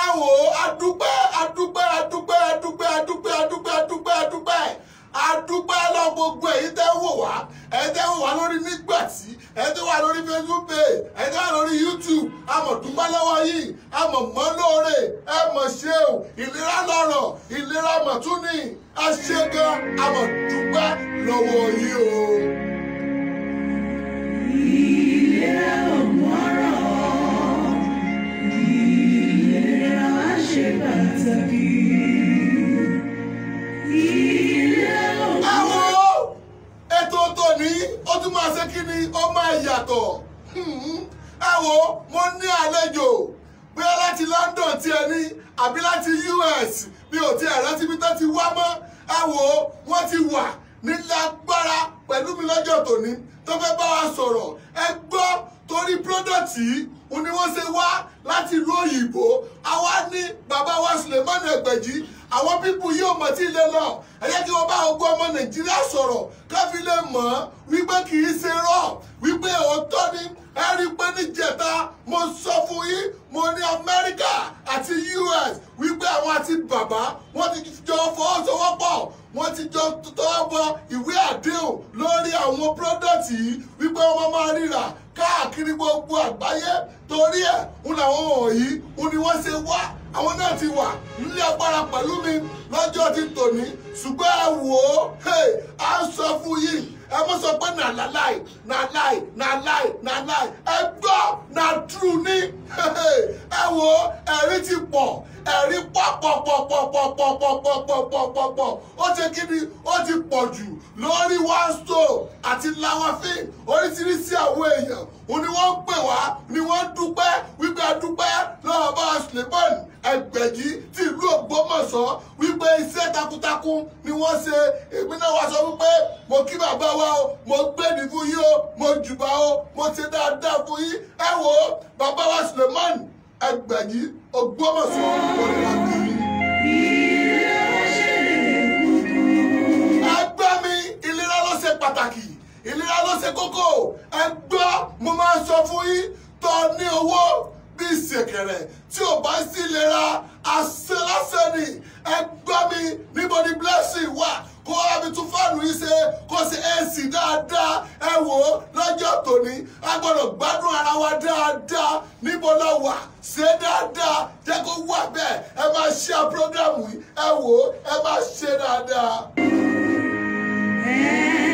ẹ wò ó adúpẹ́ adúpẹ́ adúpẹ́ adúpẹ́ adúpẹ́ adúpẹ́ adúpẹ́ adúpẹ́ adúpẹ́ lọ gbogbo èyí tẹ́ wò wá èyí tẹ́ wò wá lórí Nígbàtí èyí tẹ́ wà lórí Facebook page èyí tẹ́ wà lórí YouTube àmọ̀ dúpẹ́ lọ́wọ́ yìí àmọ̀ mọ́ lóore ẹ mọ̀ ṣe o ìlera lọ́rọ̀ ìlera mọ̀tún ni ẹ ṣe gan àmọ̀ dúpẹ́ lọ́wọ́ yìí o. òní ó tún máa ṣe kí ni ó máa yàtọ̀ hmm. ẹ wo mo ní àlejò bóyá láti London ti ẹ ní àbí láti US mi ò tiẹ̀ rántí bí tó ti wá mọ́ ẹ wo wọ́n ti wà nílágbára pẹ̀lú mi lọ́jọ́ tòní tó fẹ́ bá wa sọ̀rọ̀ ẹ gbọ́ torí pírọ́dọ̀tì yìí òun ni wọ́n ṣe wá láti ìlú òyìnbó àwa ní bàbá wa Suleiman Ẹgbẹ̀jì àwọn pípù yìí ò mọ̀ tí ilé lọ ẹ jẹ́ kí wọ́n bá ogún ọmọ nàìjíríà sọ̀rọ̀ káfí lè mọ̀ wípé kì í ṣe rọ̀ wípé òótọ́ ni ẹ rí i pé níjẹta mo sọ fún yín mo ní amẹ́ríkà àti us wípé àwọn àti bàbá wọ́n ti jọ fọwọ́sowọ́pọ̀ wọ́n ti jọ tọwọ́ bọ ìwé àdéhùn lórí àwọn pírọ́dọ̀tì yìí wípé wọ́n máa ríra káàkiri gbogbo àgbáyé torí ẹ̀ ń làwọn wọ̀nyí ń ni wọ́n ṣe wá àwọn náà ti wà nílé agbára pẹ̀lú mi lọ́jọ́ ti tòní ṣùgbọ́n ẹ wò ó à ń sọ fún yìí ẹ mọ̀ sọ pé nà láláì nà láì nà láì nà láì ẹ gbọ́ nà tru ní ẹ wò ó ẹ̀rí ti pọ̀ ẹ̀rí pọ̀pọ̀pọ̀pọ̀pọ̀pọ̀pọ̀pọ̀pọ̀pọ̀ ó ti kí ni ó ti pọ̀ jù lórí one stone àti lawafin oríṣiríṣi àwọn èèyàn òun ni wọ́n pè wá ni wọ́n dúpẹ́ wípé a dúpẹ́ lọ́wọ́ bá Suleiman Ẹgbẹ̀jì ti ìlú Ògbómọ̀ṣọ́ wípé iṣẹ́ takuntakun ni wọ́n ṣe èmi náà wá sọ wípé mo kí bàbá wa o mo gbèdì fún yín o mo jùbà o mo ṣe dáadáa fún yín ẹ wo bàbá wa Suleiman Ẹgbẹ̀jì Ògbómọ̀ṣọ́ òní àgbẹ̀. ìlera ló ṣe kókó ẹ gbọ́ mo máa ń sọ fún yín tó ní owó bí ìsèkèrè tí ò bá sí ìlera àṣẹ lásán ni ẹ gbọ́ mi níbo ni blessing wà kó abi tún fáànù yìí ṣe kó ṣe èsì dáadáa ẹ wò ó lọ́jọ́ tòní a gbọ́dọ̀ gbádùn ara wa dáadáa níbo la wà ṣe dáadáa jẹ́ kó wà bẹ́ẹ̀ ẹ máa ṣe à prógrámù yìí ẹ wò ó ẹ máa ṣe dáadáa.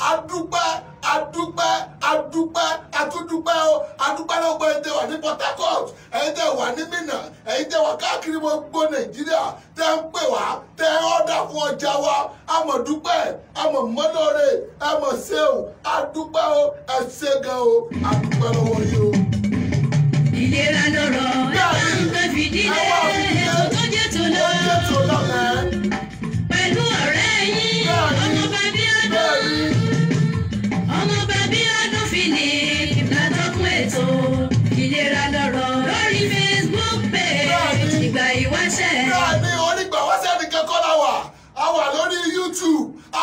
adúpẹ́ adúpẹ́ adúpẹ́ atúndúpẹ́ o adúpẹ́ náà gbọ́ ẹ̀dẹ̀ wà ní Port Harcourt ẹ̀dẹ̀ wà ní Minna ẹ̀dẹ̀ wà káàkiri gbogbo Nàìjíríà tẹ́ ń pè wá tẹ́ ọ̀dà fún ọjà wa àmọ̀ dúpẹ́ àmọ̀ mọ́lọ́rẹ̀ àmọ̀ sẹ́wù adúpẹ́ o ẹ ṣé gan o adúpẹ́ lọ́wọ́ yìí o. ìlera lọ̀rọ̀ ẹ̀ ń gbẹ fìdí lẹ́yìn.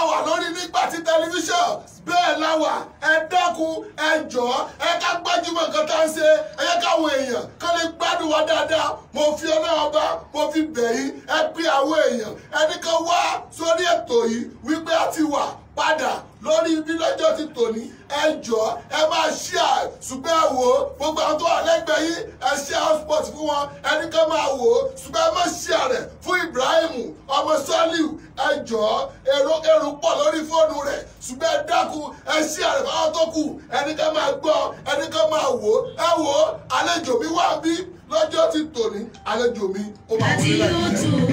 wà lórí Nígbàtí tẹlifíṣàn bẹ́ẹ̀ la wà ẹ dákun ẹ jọ̀ọ́ ẹ ká gbájúmọ̀ nǹkan tá à ń ṣe ẹ yẹ káwọn èèyàn kán lè gbádùn wa dáadáa mo fi ọlọ́run bá mo fi bẹ̀ yín ẹ pé àwọn èèyàn ẹnìkan wá sórí ètò yìí wípé a ti wà padà lórí ibi lọ́jọ́ ti tòní ẹ jọ̀ọ́ ẹ máa share ṣùgbọ́n ẹ wò ó gbogbo àwọn tó wà lẹ́gbẹ̀ẹ́ yìí ẹ share hotspot fún wọn ẹni kan máa wò ó ṣùgbọ́n ẹ má share rẹ̀ fún Ibrahim ọmọ Sọ́líù ẹ jọ̀ọ́ èrò èrò pọ̀ lórí fóònù rẹ̀ ṣùgbọ́n ẹ dákun ẹ share rẹ̀ fáwọn tó kù ẹni kan máa gbọ́ ẹni kan máa wò ó ẹ wò ó àlejò mi wà bí lọ́jọ́ ti tòní àlejò mi ó máa wọlé láì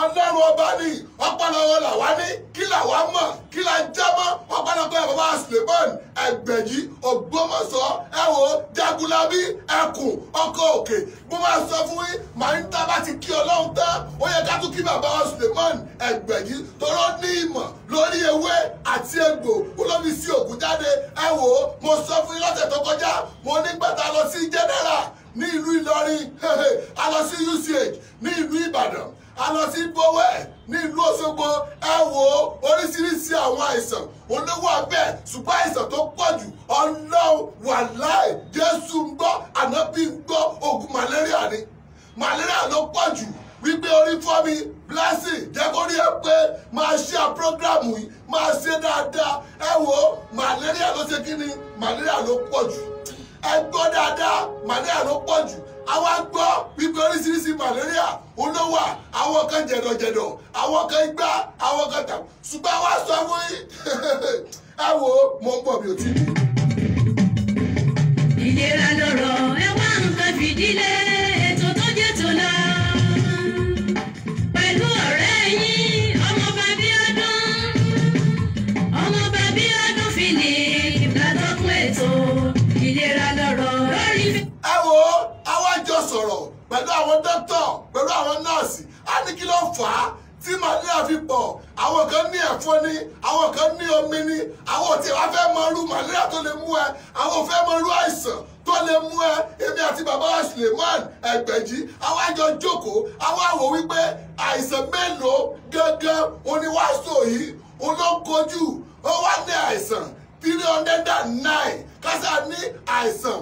ọlọ́run ọba ni ọpọlọwọ làwa ní kí làwa mọ̀ kí la já mọ́ ọpọlọpọ ẹ̀ bàbá suleman ẹgbẹ̀jì ògbómọ̀ṣọ́ ẹ wo jagunlabi ẹkùn ọkọ̀ òkè mo máa sọ fún yín màá ń tá bá ti kí ọlọ́run tán ó yẹ ká tún kí bàbá suleman ẹgbẹ̀jì tọ́rọ ní ìmọ̀ lórí ewé àti egbò olómi sí òkú jáde ẹ mo sọ fún yín lọ́sẹ̀ tó kọjá mo nígbàtà lọ general ní ìlú ìlọrin a lọ sí uch ní ìlú a lọ sí bówẹ́ ní ìlú Òṣogbo ẹ wo oríṣiríṣi àwọn àìsàn olówó abẹ́ ṣùgbọ́n àìsàn tó pọ̀ jù ọlọ́run wàláì Jésù ń gbọ́ ànábì ń gbọ́ oògùn malaria ni malaria ló pọ̀ jù wípé orí fọ́ mi blessing jẹ́ kó rí ẹ pé máa ṣe à prógrámù yìí máa ṣe dáadáa ẹ wo malaria ló ṣe kí ni malaria ló pọ̀ jù ẹ gbọ́ dáadáa malaria ló pọ̀ jù àwa gbọ́ wípé oríṣiríṣi malaria olówà àwọn kan jẹ̀dọ̀jẹ̀dọ̀ àwọn kan igbá àwọn kan tà ṣùgbọ́n àwa sọ fún yín ẹ wo mo ń bọ̀ mi ò tí ì. ìlera lọ̀rọ̀ ẹ̀wọ̀n. pẹ̀lú àwọn dókítọ̀ pẹ̀lú àwọn nọ́ọ̀sì á ní kí ló fà á tí malaria fi pọ̀ àwọn kan ní ẹ̀fọn ni àwọn kan ní omi ni àwọn ò tí wàá fẹ́ mọ irú malaria tó lè mú ẹ àwọn ò fẹ́ mọ irú àìsàn tó lè mú ẹ èmi àti bàbá wa Suleiman Ẹgbẹ̀jì àwọn àjọ jókòó àwọn àwò wípé àìsàn mélòó gángan oníwàásù yìí olókojú ó wà ní àìsàn three hundred and nine kásá ní àìsàn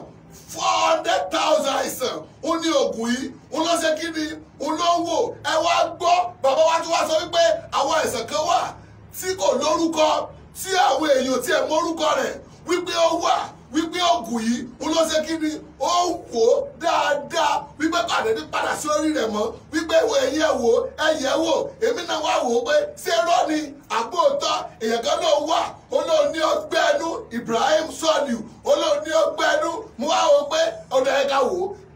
four hundred thousand àìsàn ó ní oògùn yìí òun ló ṣe kí ni òun ló wò ẹ wá gbọ́ bàbá wa tún wá sọ wípé àwọn àìsàn kan wà tí kò lórúkọ tí àwọn èèyàn tí ẹ mórúkọ rẹ̀ wípé ó wà wípé oògùn yìí òun ló ṣe kí ni ó wò ó dáadáa wípé pàdé ní padà sí orí rẹ̀ mọ́ wípé ìwọ ẹ̀yìn ẹ̀ wò ẹ̀yìn ẹ̀ wò èmi náà wá wò ó pé ṣé irọ́ ni àgbóòtọ́ èèyàn kan náà wà ó lóun ní ọgbẹ́ Ibrahim Sọ́ọ̀lù ó lóun ní ọgbẹ́ ẹnu olùdarí ká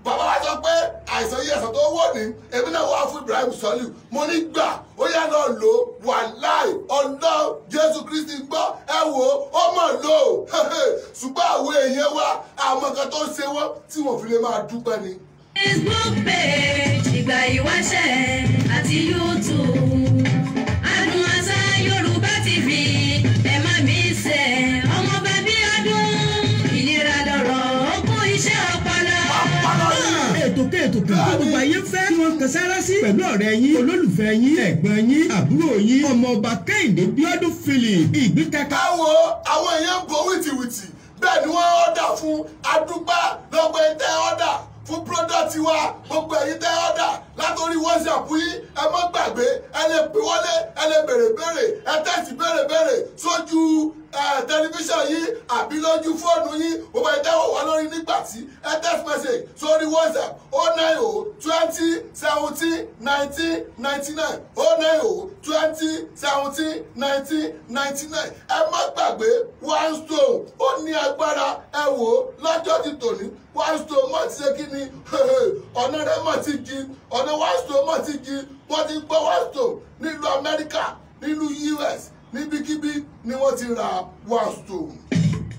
bàbá wa sọ pé àìsàn yìí ẹ̀sán tó wò ní èmi náà wà fún Ibrahim Soliu mo ní gbà ó yá lọ lò wà láì ọ̀dọ́ Jésù Kristi gbọ́ ẹ wò ó ó lò ó ṣùgbọ́n àwọn èèyàn wa àwọn kan tó ń ṣe wọ́n tí wọ́n fi lè máa dúpẹ́ ni. Facebook page ìgbà ìwáṣẹ̀ àti YouTube. dùn. gbogbo ayé fẹ́ tí wọ́n kan sára sí. pẹ̀lú ọ̀rẹ́ yín olólùfẹ́ yín ẹ̀gbọ́n yín àbúrò yín ọmọ ọba kẹ́hìndé bíọ́dún philip ìgbìtẹ́. káwọn àwọn èèyàn bọ̀ wìtìwìtì bẹ́ẹ̀ ni wọ́n ọ̀dà fún adúpá lọ́gbẹ̀ẹ́ tẹ́ ọ̀dà fún pírọ́dọ̀tì wa gbogbo ẹ̀yìn tẹ́ ọ̀dà látòrí whatsapp yìí ẹ má gbàgbé ẹ lè pè wọlé ẹ lè béèrè béèrè ẹ tẹ̀sí béèrè béèrè sójú tẹlifíṣàn yìí àbí lójú fóònù yìí mo bá dáwọ́ wá lórí nígbà tí ẹ text message sórí whatsapp ó náì ó twenty seventeen nineteen ninety nine ó náì ó twenty seventeen nineteen ninety nine ẹ má gbàgbé one stone ó ní agbára ẹ wò ó lọ́jọ́ ti tòní one stone mọ̀ ti ṣe kí ni ọ̀nà rẹ̀ mọ̀ ti jí ọ̀nà wáṣítò mọ̀ ti di wọ́n ti gbọ́ wáṣítò nílùú amẹ́ríkà nílùú us níbikíbi ni wọ́n ti ra wáṣítò.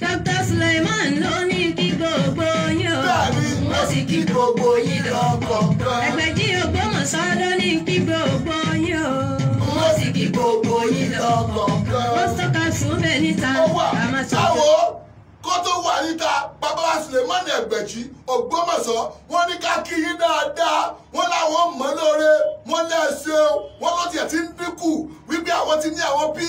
Dr. Suleiman ló ní kí gbogbo yín o mo sì kí gbogbo yín lọ́kọ̀ọ̀kan. Ẹgbẹ̀jì Ògbómọ̀ṣọ́ ló ní kí gbogbo yín o mo sì kí gbogbo yín lọ́kọ̀ọ̀kan. Mọ́sítọ́kà sùn bẹ́ẹ̀ níta àmọ́ sọ́kà kó tó wà níta bàbá wa Sulemani Ẹgbẹ̀jì Ògbómọ̀ṣọ́ wọ́n ní ká kí yín dáadáa wọ́n láwọn mọ̀ lóore wọ́n lẹ́sẹ̀ o wọ́n ló tiẹ̀ ti ń dínkù wípé àwọn ti ní àwọn pa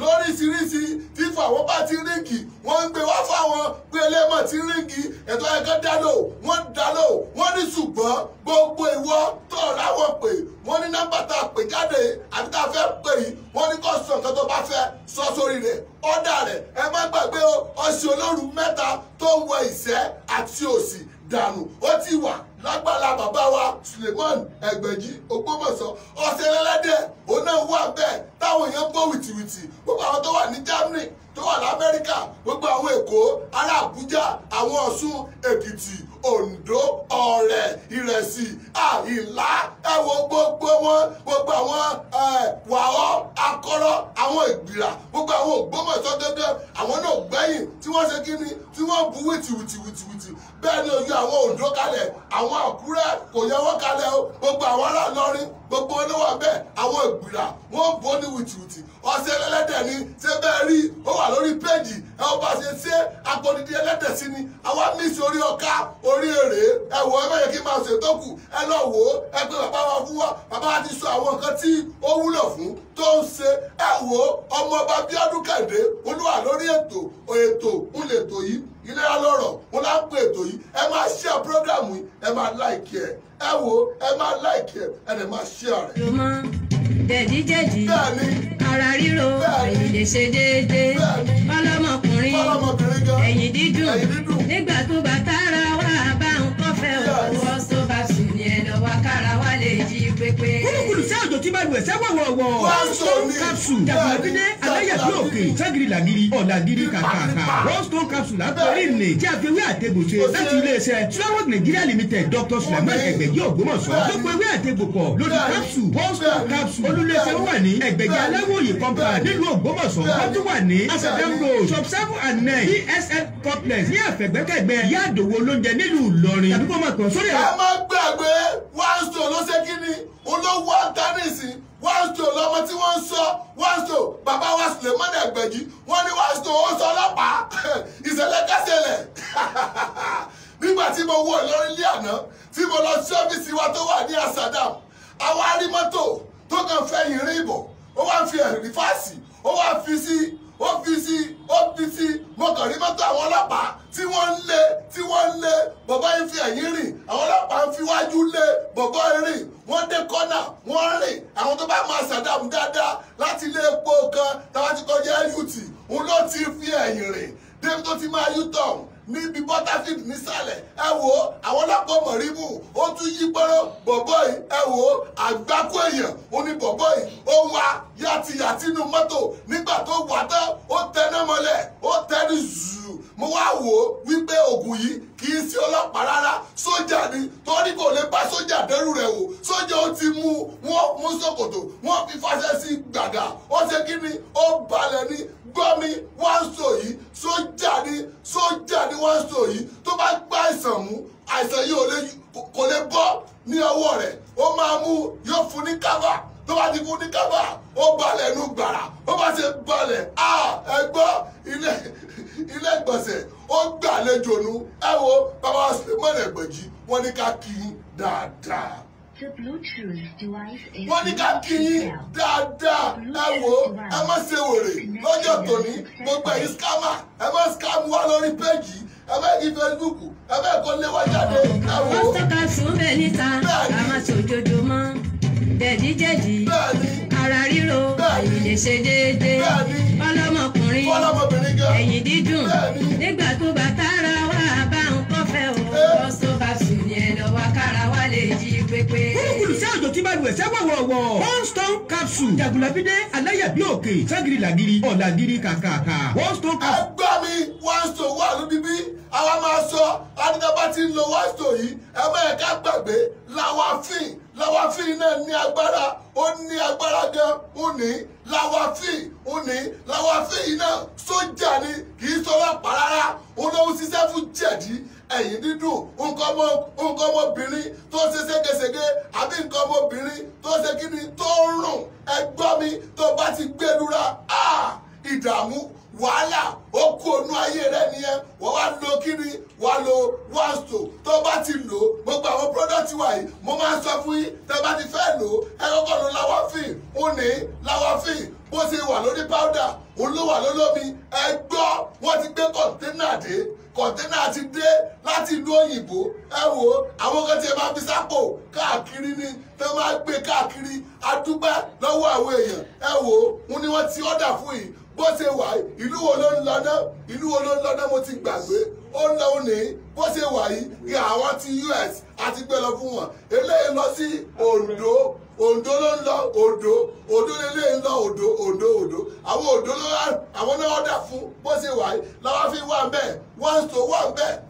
lóríṣiríṣi fífọ àwọn bá ti ríǹkì wọ́n ń gbé wá fáwọn pé ẹlẹ́mọ̀ ti ríǹkì ẹ̀tọ́ ẹ̀kọ́ dálò wọ́n dálò wọ́n ní ṣùgbọ́n gbogbo ìwọ tó láwọn pè wọ́n ní nọ́mbà tá a pè jáde àti tá a fẹ́ pè yìí wọ́n ní kó sọ tó bá fẹ́ sọ sórí rẹ̀ ọ̀dà rẹ̀ ẹ má gbàgbé o ọ̀sìn olóru mẹ́ta tó ń wọ ìṣẹ́ àti òsì dànù ó ti wà lágbàlá bàbá wa Suleiman Ẹgbẹ̀jì Ògbómọ̀ṣọ́ ọ̀sẹ̀ lẹ́lẹ́dẹ̀ òun náà wà bẹ́ẹ̀ táwọn èèyàn gbọ́ wìtìwìtì gbogbo àwọn tó wà ní Germany tó wà lamẹ́ríkà gbogbo àwọn èkó ará àbújá àwọn ọ̀ṣun èkìtì Oǹdó Ọ̀rẹ́ Ìrẹsì Àyìnlá ẹ wo gbogbo wọn gbogbo àwọn wàhọ́ akọ́rọ́ àwọn ìgbìrà gbogbo àwọn ògbómọ̀tọ́ gẹ́gẹ́ àwọn náà gbẹ́yìn tí wọ́n ṣe kíni tí wọ́n bu wìtìwìtìwìtì bẹ́ẹ̀ ni ó yọ àwọn Oǹdó kalẹ̀ àwọn Àkúrẹ́ kò yẹ wọ́n kalẹ̀ o gbogbo àwọn ará Ìlọrin gbogbo olówó abẹ́ àwọn ìgbìlà wọ́n bọ́ ní wìtìwìtì ọ̀sẹ̀ ẹlẹ́dẹ̀ ni ṣé bẹ́ẹ̀ rí ó wà lórí péjì ẹ ó bá ṣe ṣe agbọ̀dìdì ẹlẹ́dẹ̀ sí ni àwa mísì orí ọ̀ká orí èrè ẹ wò ẹ bẹ̀yẹ kí n máa ṣe tó kù ẹ lọ wò ó ẹ pé bàbá wa fún wa bàbá ti sọ àwọn nǹkan tí ó wúlò fún tó ń ṣe ẹ wò ó ọmọ ọba Bíọ́dún Kẹ́hìndé olúwa lórí ètò ètò ń ìlera lọ́rọ̀ wọn lá ń pè ètò yìí ẹ máa share program yìí ẹ máa like ẹ ẹ wo ẹ máa like ẹ ẹ dẹ̀ máa share rẹ̀. jọmọ jẹ̀díjẹ̀dí ara ríro àìlè ṣe déédéé ọlọ́mọkùnrin ẹ̀yìn dídùn nígbà tó bá tára wà bá ń kọ́fẹ́ òwò sóbàṣù ni ẹ lọ wá kára wá lè jí pépé. kúlùkùlù sí àjò tí báyìí ẹsẹ̀ wọ̀wọ̀wọ̀. one stone capsule jàgbọ́dé aláyàtí òkè ságiri làgiri ọ̀làgiri kàkàkà. one capsule àtọ̀rí ìlè tí a fi wí àtẹ̀gbòṣe láti iléeṣẹ́ flower nigeria limited dr sulaiman ẹgbẹ̀jì ògbómọ̀ṣọ́. gbogbo ewé àtẹ̀gbòpọ̀ lórí capsule one capsule olùléeṣẹ́ wà ní ẹgbẹ̀jì aláwòye compound nílùú ògbómọ̀ṣọ́. wọ́n wà ní asadam shop seven and nine dsl complex ní àfẹ̀gbẹ́kẹ̀gbẹ́ yàdòwò lóúnjẹ nílùú ìlọrin wá kárìsì wáṣọ lọmọ tí wọ́n ń sọ wáṣọ bàbá wa Sulemani Agbeji wọ́n ní wáṣọ ó sọ ọlọ́pàá ìṣẹ̀lẹ̀ kẹsẹ̀lẹ̀ nígbà tí mo wọ Ìlọrin ní àná tí mo lọ sí ọ́fíìsì wa tó wà ní Amsterdam àwa arímọ́tò tó kàn fẹ́ yìnrín ìbọ̀ ó wá fi ẹ̀rí fáàsì ó wá fi sí ó fi sí ó fi sí mo kàn rí mọ́tò àwọn ọlọ́pàá tí wọ́n ń lé tí wọ́n ń lé bọ̀bọ́ yìí fi ẹ̀yìn rìn àwọn ọlọ́pàá ń fi wájú lé bọ̀bọ́ yìí rìn wọ́n dé kọ́nà wọ́n rìn àwọn tó bá máa ṣàdàmú dáadáa láti ilé epo kan táwọn ti kọjá yùtì òun ló ti fi ẹ̀yìn rìn débi tó ti máa yútọ̀ ọ̀hún níbi butterfield nísàlẹ̀ ẹ wò ó àwọn ọlọ́pàá mọ̀rímù ó tún yí pọ́nrọ́ bọ̀bọ́ yìí ẹ wò ó àgbákò èèyàn ó ní bọ̀bọ́ yìí ó wá yàtìyàtì inú mọ́tò nígbà tó wà tán ó tẹná mọ́lẹ̀ ó tẹ́ni zùù mo wá wò ó wípé ògùn yìí kì í sí ọlọ́pàá rárá sójà ni torí kò lè bá sójà dẹ́rù rẹ̀ wò sójà ó ti mú wọn mú ṣòkòtò wọn fi fàṣẹ sí gbàgà ó ṣe kí ni ó balẹ̀ ní gbọ́ mi wáńsó yìí sójà ni sójà ni wáńsó yìí tó bá gbá àìsàn mú àìsàn yìí kò lè bọ́ ní ọwọ́ rẹ̀ ó máa mú yóò fún ní kábà tó bá ti fún ní kábà ó balẹ̀ nù gbàrà ó bá ṣe balẹ̀ a ẹgbọ́ ilé ilé ìgbọ̀nsẹ̀ ó gbàlejò nu ẹ wo bàbá Suleiman Ẹgbẹ̀jì wọ́n ní ká kí i dáadáa wọ́n ní ká kí yín dáadáa ẹ wò ó ẹ má ṣe wèrè lọ́jọ́ tòní gbogbo ẹ̀yin scammer ẹ má scam wá lórí péjì ẹ má kí Facebook ẹ má kó lé wá jáde ẹ wò ó. wọ́n tọ́ka sùn bẹ́ẹ̀ níta ká má ṣojoojúmọ́ jẹ̀díjẹ̀dí ara ríro àìlè ṣe déédéé ọlọ́mọkùnrin ẹ̀yìn dí. pẹ̀sẹ̀ wọ̀wọ̀wọ̀. one stone capsule. jagunlabide aláyàbí òkè ságiri làgiri ọ̀làgiri kàkàkà. one stone capsule. ẹ gbọ́ mi one stone wà lóbi bí àwa máa sọ adúgbò ti ń lo one stone yìí ẹ má yẹ ká gbàgbé lawafin lawafin náà ní agbára ó ní agbára gan ó ní lawafin ó ní lawafin náà sójà ni kì í sọ ọlọ́pàá rárá ó lọ́wọ́ ṣiṣẹ́ fún jẹ̀dí ẹ̀yìn dídùn nǹkan ọmọbìnrin tó ṣe ségesège àbí nǹkan ọmọbìnrin tó ṣe kíni tó ń rùn ẹgbọ́n mi tó bá ti gbẹdúrà ìdààmú wàhálà ó kú ònú ayé rẹ nìyẹn wọ́n wá lo kíni wà lo one stone tó bá ti lò ó gbogbo àwọn pírọ́dọ̀tì wà yìí mo máa ń sọ fún yín tẹ́ bá ti fẹ́ lò ó ẹ kọ́kọ́ lo lawafin ó ní lawafin bó ṣe wà lórí powder òun ló wà lólómi ẹ gbọ́ wọ́n ti gbé kọ̀ńténà dé kọ̀ńténà ti dé láti ìlú òyìnbó ẹ wo àwọn kan tí ẹ máa fi sápò káàkiri ni tẹ́ máa gbé káàkiri adúpẹ́ lọ́wọ́ àwọn èèyàn ẹ wo wọn ni wọ́n ti ọ̀dà fún yìí bó ṣe wà yìí ìlú wo ló ń lọ náà ìlú wo ló ń lọ náà mo ti gbàgbé ó ń lọ òní bó ṣe wà yìí àwọn ti US àti gbé lọ fún wọn eléyìí lọ sí Ondo Ondo ló ń lọ Odo odò lélẹ̀ ń lọ Odo odò odò àwọn odò ló wá àwọn náà ọ̀dà fún bó ṣe wà yìí làwọn fi wà bẹ́ẹ̀ one stone wà bẹ́ẹ̀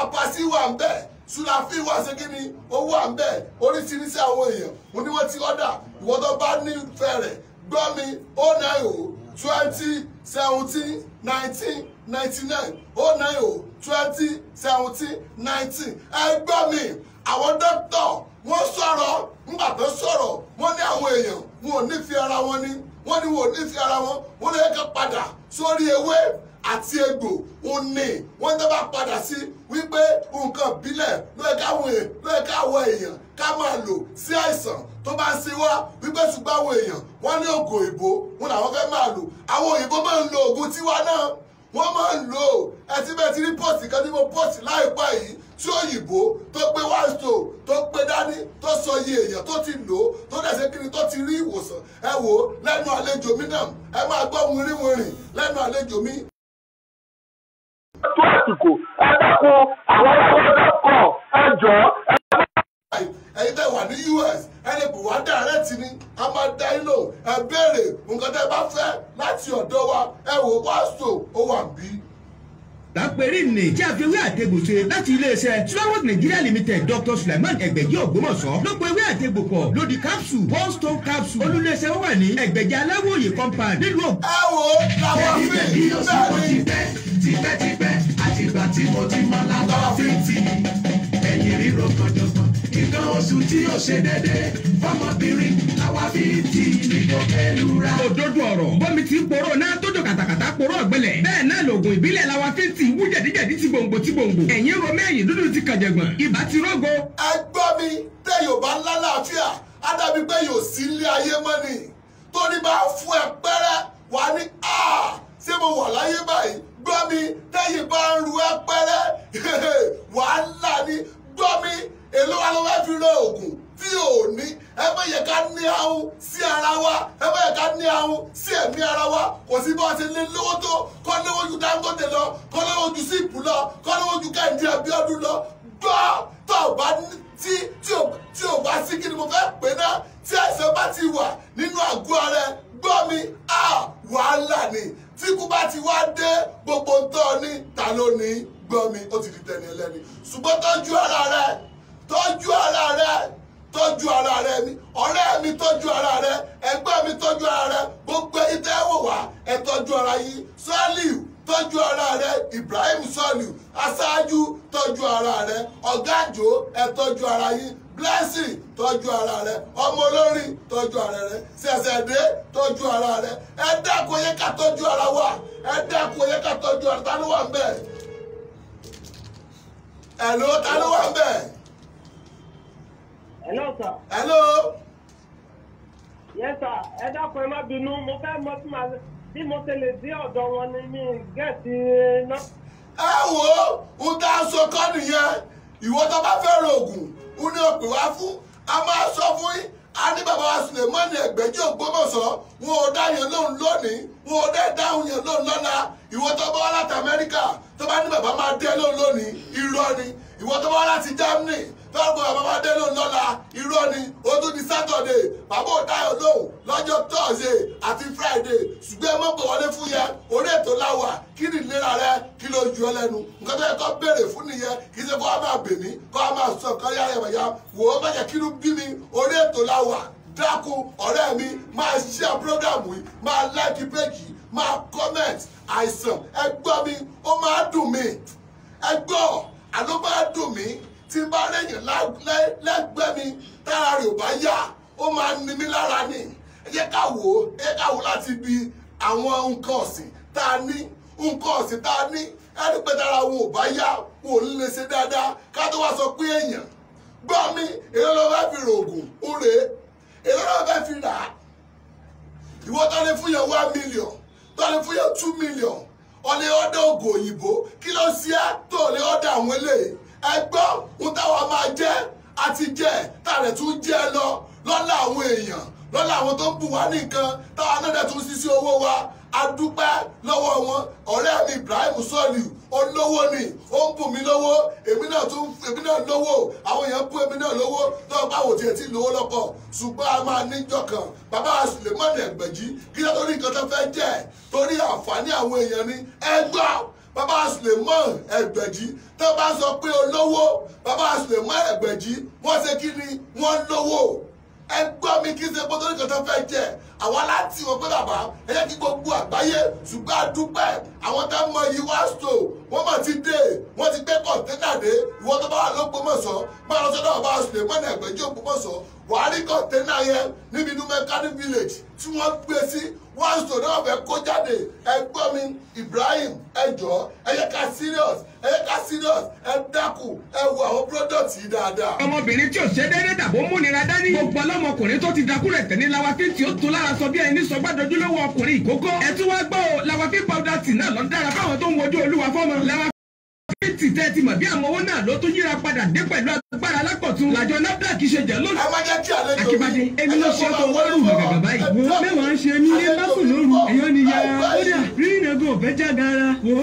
apasi wà bẹ́ẹ̀ sulafi wà ṣe kí ni ó wà bẹ́ẹ̀ oríṣiríṣi àwọn èèyàn mo ní wọ́n ti ọ̀dà ìwọ tó bá nífẹ̀ẹ́ rẹ̀ gbọ́ mi ó náà o oh, twenty seventeen nineteen ninety nine ó náà o oh, twenty seventeen nineteen ẹ gbọ́ mi àwọn dókítà wọ́n sọ̀rọ̀ ńgbà tó sọ̀rọ̀ wọ́n ní àwọn èèyàn wọn ò nífẹ̀ẹ́ ara wọn ni wọ́n ní wọn ò nífẹ̀ẹ́ ara wọn wọ́n lè ká padà sórí ewé àti egbò òun ni wọ́n dábàá padà sí wípé nǹkan ìbílẹ̀ ló yẹ káwọn èèyàn ló yẹ káwọn èèyàn ká máa lò sí àìsàn tó bá ń ṣe wá wípé ṣùgbọ́n àwọn èèyàn wọ́n ní oògùn òyìnbó wọn làwọn fẹ́ máa lò àwọn òyìnbó máa ń lo oògùn tiwa náà wọ́n máa ń lò ẹtí bẹ́ẹ̀ ti rí pọ́ọ̀tì kan tí mo pọ́ọ̀tì láìpẹ́ yìí tí òyìnbó tó gbé one stone tó gbé dání tó sọ iye èèyàn tó ti lò ó tó dẹ̀ ṣe kiri tó ti rí ìwòsàn ẹ wò ó lẹ́nu àlejò mi náà ẹ máa gbọ́ wìrìwìrì lẹ́nu àlejò mi. tó àsìkò ẹ dákun àwọn ọlọ́dọ̀ kọ̀ ẹ jọ ẹ ẹ̀yin tẹ́ wà ní US ẹni bù wá dàrẹ́tì ni a máa da yín lò ẹ béèrè nǹkan tẹ́ bá fẹ́ láti ọ̀dọ̀ wa ẹ wò wá so ó wà ń bí àpèrí nì tí a fi ewé àtegbò ṣe láti iléeṣẹ́ sulawesi nigeria limited dr suleiman ẹgbẹ̀jì ògbómọ̀ṣọ́ ló pe ewé àtegbò pọ̀ lòdì capsule one stone capsule olùléeṣẹ́ wà ní ẹgbẹ̀jì aláwòye compound nílùú ògbó. ẹ wo làwọn fèèyàn bẹ́ẹ̀ tipẹ́tipẹ́ àtìgbà tí mo ti mọ lágbára fíìtì ẹ̀yìn ríro kọjọ nǹkan oṣù tí yóò ṣe déédéé fọmọbìnrin àwa fi ti ìrìnbó kẹlura. òdodo ọ̀rọ̀ bọ́mi ti ń poró náà tójó kàtàkàtà poró ọ̀gbẹ́lẹ̀ bẹ́ẹ̀ náà lòògùn ìbílẹ̀ làwa fi ti wú jẹ̀díjẹ̀dí ti gbòǹgbò ti gbòǹgbò ẹ̀yìn romẹ́ ẹ̀yìn dúdú ti kàjẹ̀gbọ̀n ibà ti rógo. ẹ gbọ́ mi tẹ́ yóò bá lálàáfíà á dàbí pé yóò sí ilé ayé mọ́ ni torí bá fún ẹ pẹ́rẹ́ wà ní ṣé mo wà láyé báyìí gbọ́ mi tẹ́yìn bá ń ru ẹ pẹ́rẹ́ wàhálà ni gbọ́ mi èló wa ló fẹ́ fi rọ òògùn tí ò ní ẹ má yẹ ká ní ahun sí ara wa ẹ má yẹ ká ní ahun sí ẹ̀mí ara wa kò sí bá a ṣe lé lówó tó kọ́ lówó ju Dangote lọ kọ́ lówó ju síìpù lọ kọ́ lówó ju Kẹ́hìndé Abíọ́dún lọ gbọ́ tó o bá tí tí o bá sí kí ni mo fẹ́ pè náà tí àìsàn bá ti wà nínú àgọ́ rẹ gbọ́ mi à wàhálà ni tí kú bá ti wá dé gbogbo ń tọ́ ni ta ló ní gbọ́ mi ó ti di tẹ̀lé ẹlẹ́ni ṣùgbọ́n tọ́jú ara rẹ tọ́jú ara rẹ tọ́jú ara rẹ ni ọ̀rẹ́ mi tọ́jú ara rẹ ẹgbẹ́ mi tọ́jú ara rẹ gbogbo ẹ̀yin tẹ́ wò wá ẹ tọ́jú ara yín sọ́ọ̀lì tọ́jú ara rẹ Ibrahim sọ́ọ̀lù aṣáájú tọ́jú ara rẹ ọ̀gájò ẹ tọ́jú ara yín blessing tọ́jú ara rẹ ọmọ olórin tọ́jú ara rẹ ṣẹ̀ṣẹ̀dé tọ́jú ara rẹ ẹ ká tọ́jú ara ẹ ká tọ́jú ara wà ń bẹ̀ ẹ̀ wà ń bẹ̀. hello sir. hello. yes sir ẹ dákun ẹ má bínú mo fẹ́ mọ tí màá bí mo ṣe lè dé ọ̀dọ̀ wọn ni mi gẹ̀ẹ́sì náà. ẹ wo ohun tá a sọ kọ́ nìyẹn ìwọ tó bá fẹ́ ro oògùn ó ní òpè wá fún a máa sọ fún yín a ní bàbá wa Sulemani Ẹgbẹ́jì Ògbómọ̀ṣọ́ wọn ò dá yẹn lóhùn lónìí wọn ò dé dáhùn yẹn lóhùn lọ́la ìwọ tó bá wá láti Amẹ́ríkà tó bá ní bàbá máa dé lóhùn lónìí irọ́ ni ìwọ tó bá wá láti Germany tọ́gbọ̀n bàbá wa dé lóun lọ́la irọ́ ni ó tún di Saturday bàbá ò dáyọ̀ lóhùn lọ́jọ́ Thursday àti Friday ṣùgbọ́n ẹ mọ̀ pé wọlé fún yẹn orí ètò láwà kí ni ìlera rẹ kí ló ju ọ lẹ́nu nǹkan tó yẹ kó béèrè fún nìyẹn kì í ṣe kó a máa bè mí kó a máa sọ nǹkan yára wò ó má kí ló bí mi orí ètò láwà dákun ọ̀rẹ́ mi máa ṣíà prógrámù yìí máa láìkí péjì máa kọ́mẹ̀tì àìsàn ẹgbọ́ mi ó máa dùn mí ẹgbọ́ àló máa dùn mí tí bá rẹ̀yìn lẹ́gbẹ́ mi tára rẹ̀ ò bá yá ó máa ní mí lára ni ẹ jẹ́ ká wò ó ẹ jẹ́ ká wò láti ibi àwọn nǹkan ọ̀sìn tá a ní nǹkan ọ̀sìn tá a ní ẹni pé tára wọn ò bá yá wọn ò lè ṣe dáadáa ká tó wá sọ pé èèyàn gbọ́ mi èèyàn ló fẹ́ fi rògùn ó rèé èèyàn ló fẹ́ fi rà á ìwọ tó fún yẹn one million tó ní fún yẹn two million ọ̀lẹ́ ọ̀dọ̀ ògùn òyìnbó kí ló ṣe é tó ọ̀lẹ́ ọ̀dọ̀ àwọn eléyìí ẹgbọ́n ohun táwa máa jẹ àti jẹ tààrẹ̀ tún jẹ lọ lọ́lá àwọn èèyàn lọ́lá àwọn tó ń bù wá nìkan táwa náà dẹ̀ tún ṣiṣẹ́ owó wa adúpẹ́ lọ́wọ́ wọn ọ̀rẹ́ mi Ibrahim Soliu olówó ni ó ń bù mí lówó èmi náà tún èmi náà lówó àwọn èèyàn bù èmi náà lówó náà báwo tiẹ̀ ti lówó lọ́pọ̀ ṣùgbọ́n a máa níjọ kan bàbá Sulemani Ẹgbẹ̀jì kí ló torí nǹkan tó fẹ́ jẹ́ torí àǹfààní àwọn èèyàn ni ẹgbọ́n bàbá Sulemon Ẹgbẹ̀jì tó bá sọ pé olówó bàbá Sulemon Ẹgbẹ̀jì wọ́n ṣe kí ni wọ́n lówó ẹ mi kí ṣe gbọ́dọ̀ nìkan tó fẹ́ jẹ àwọn aláǹtí wọn pé bàbá ẹ jẹ́ kí gbogbo àgbáyé ṣùgbọ́n àdúpẹ́ àwọn tá mọ yìí wá sọ wọ́n mà ti dé wọ́n ti gbé kọ̀ǹtẹ́nà dé ìwọ́n tó bá wà lóògbómọ̀ṣọ́ máa lọ sọ́dọ̀ bàbá Sulemon Ẹgbẹ̀jì Ògbómọ̀ṣọ́ buhari kọ̀ǹténà yẹn níbi inú mechanic village tí wọ́n gbé sí wọ́n sọ náà fẹ́ kó jáde ẹgbọ́n mi ibrahim ẹjọ́ ẹyẹ ká serious ẹyẹ serious ẹ dákun ẹ wo àwọn product yìí dáadáa. ọmọbìnrin tí ò ṣe déédéé dàbò múnira dání. gbogbo ọlọ́mọkùnrin tó ti dakú rẹ̀ tẹ̀lé lawafin tí ó tó lára sọ bí ẹni sọgbàdójúlówó ọkùnrin ìkókó. ẹ tún wá gbọ́ o lawafin powder tea náà lọ dára fáwọn tó ń wojú olúwa fọ́mọ ti tẹ́ ti mọ̀ bí àwọn náà ló tún yíra padà dé pẹ̀lú agbára lápọ̀tún làjọ NAFDAC ṣe jẹ́ lónìí. Akíbádé èmi ló ṣe ọkọ̀ wọ́n rù gàgàgà báyìí. wo mẹ́wàá ń ṣe mí ní bákùn lóru èèyàn ni ya kódà rí ìnàgò ọ̀fẹ́ gara wo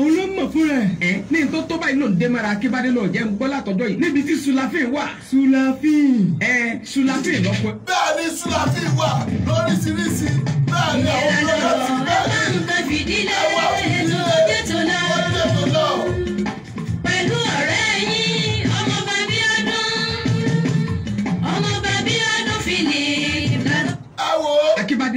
òun ló mọ̀ fún rẹ̀. ẹ ní n tó báyìí ló ń dé mara Akíbádé lọ jẹ́ gbọ́ látọjọ́ yìí níbi tí Sulafin wà. Sulafin. ẹ Sulafin lọkọ. bẹ́ẹ̀ ni Sulafin wà lóríṣiríṣi bẹ́ẹ̀ ni àwọn olóyè ti bẹ́ẹ̀ ni ẹwà òfin ilé.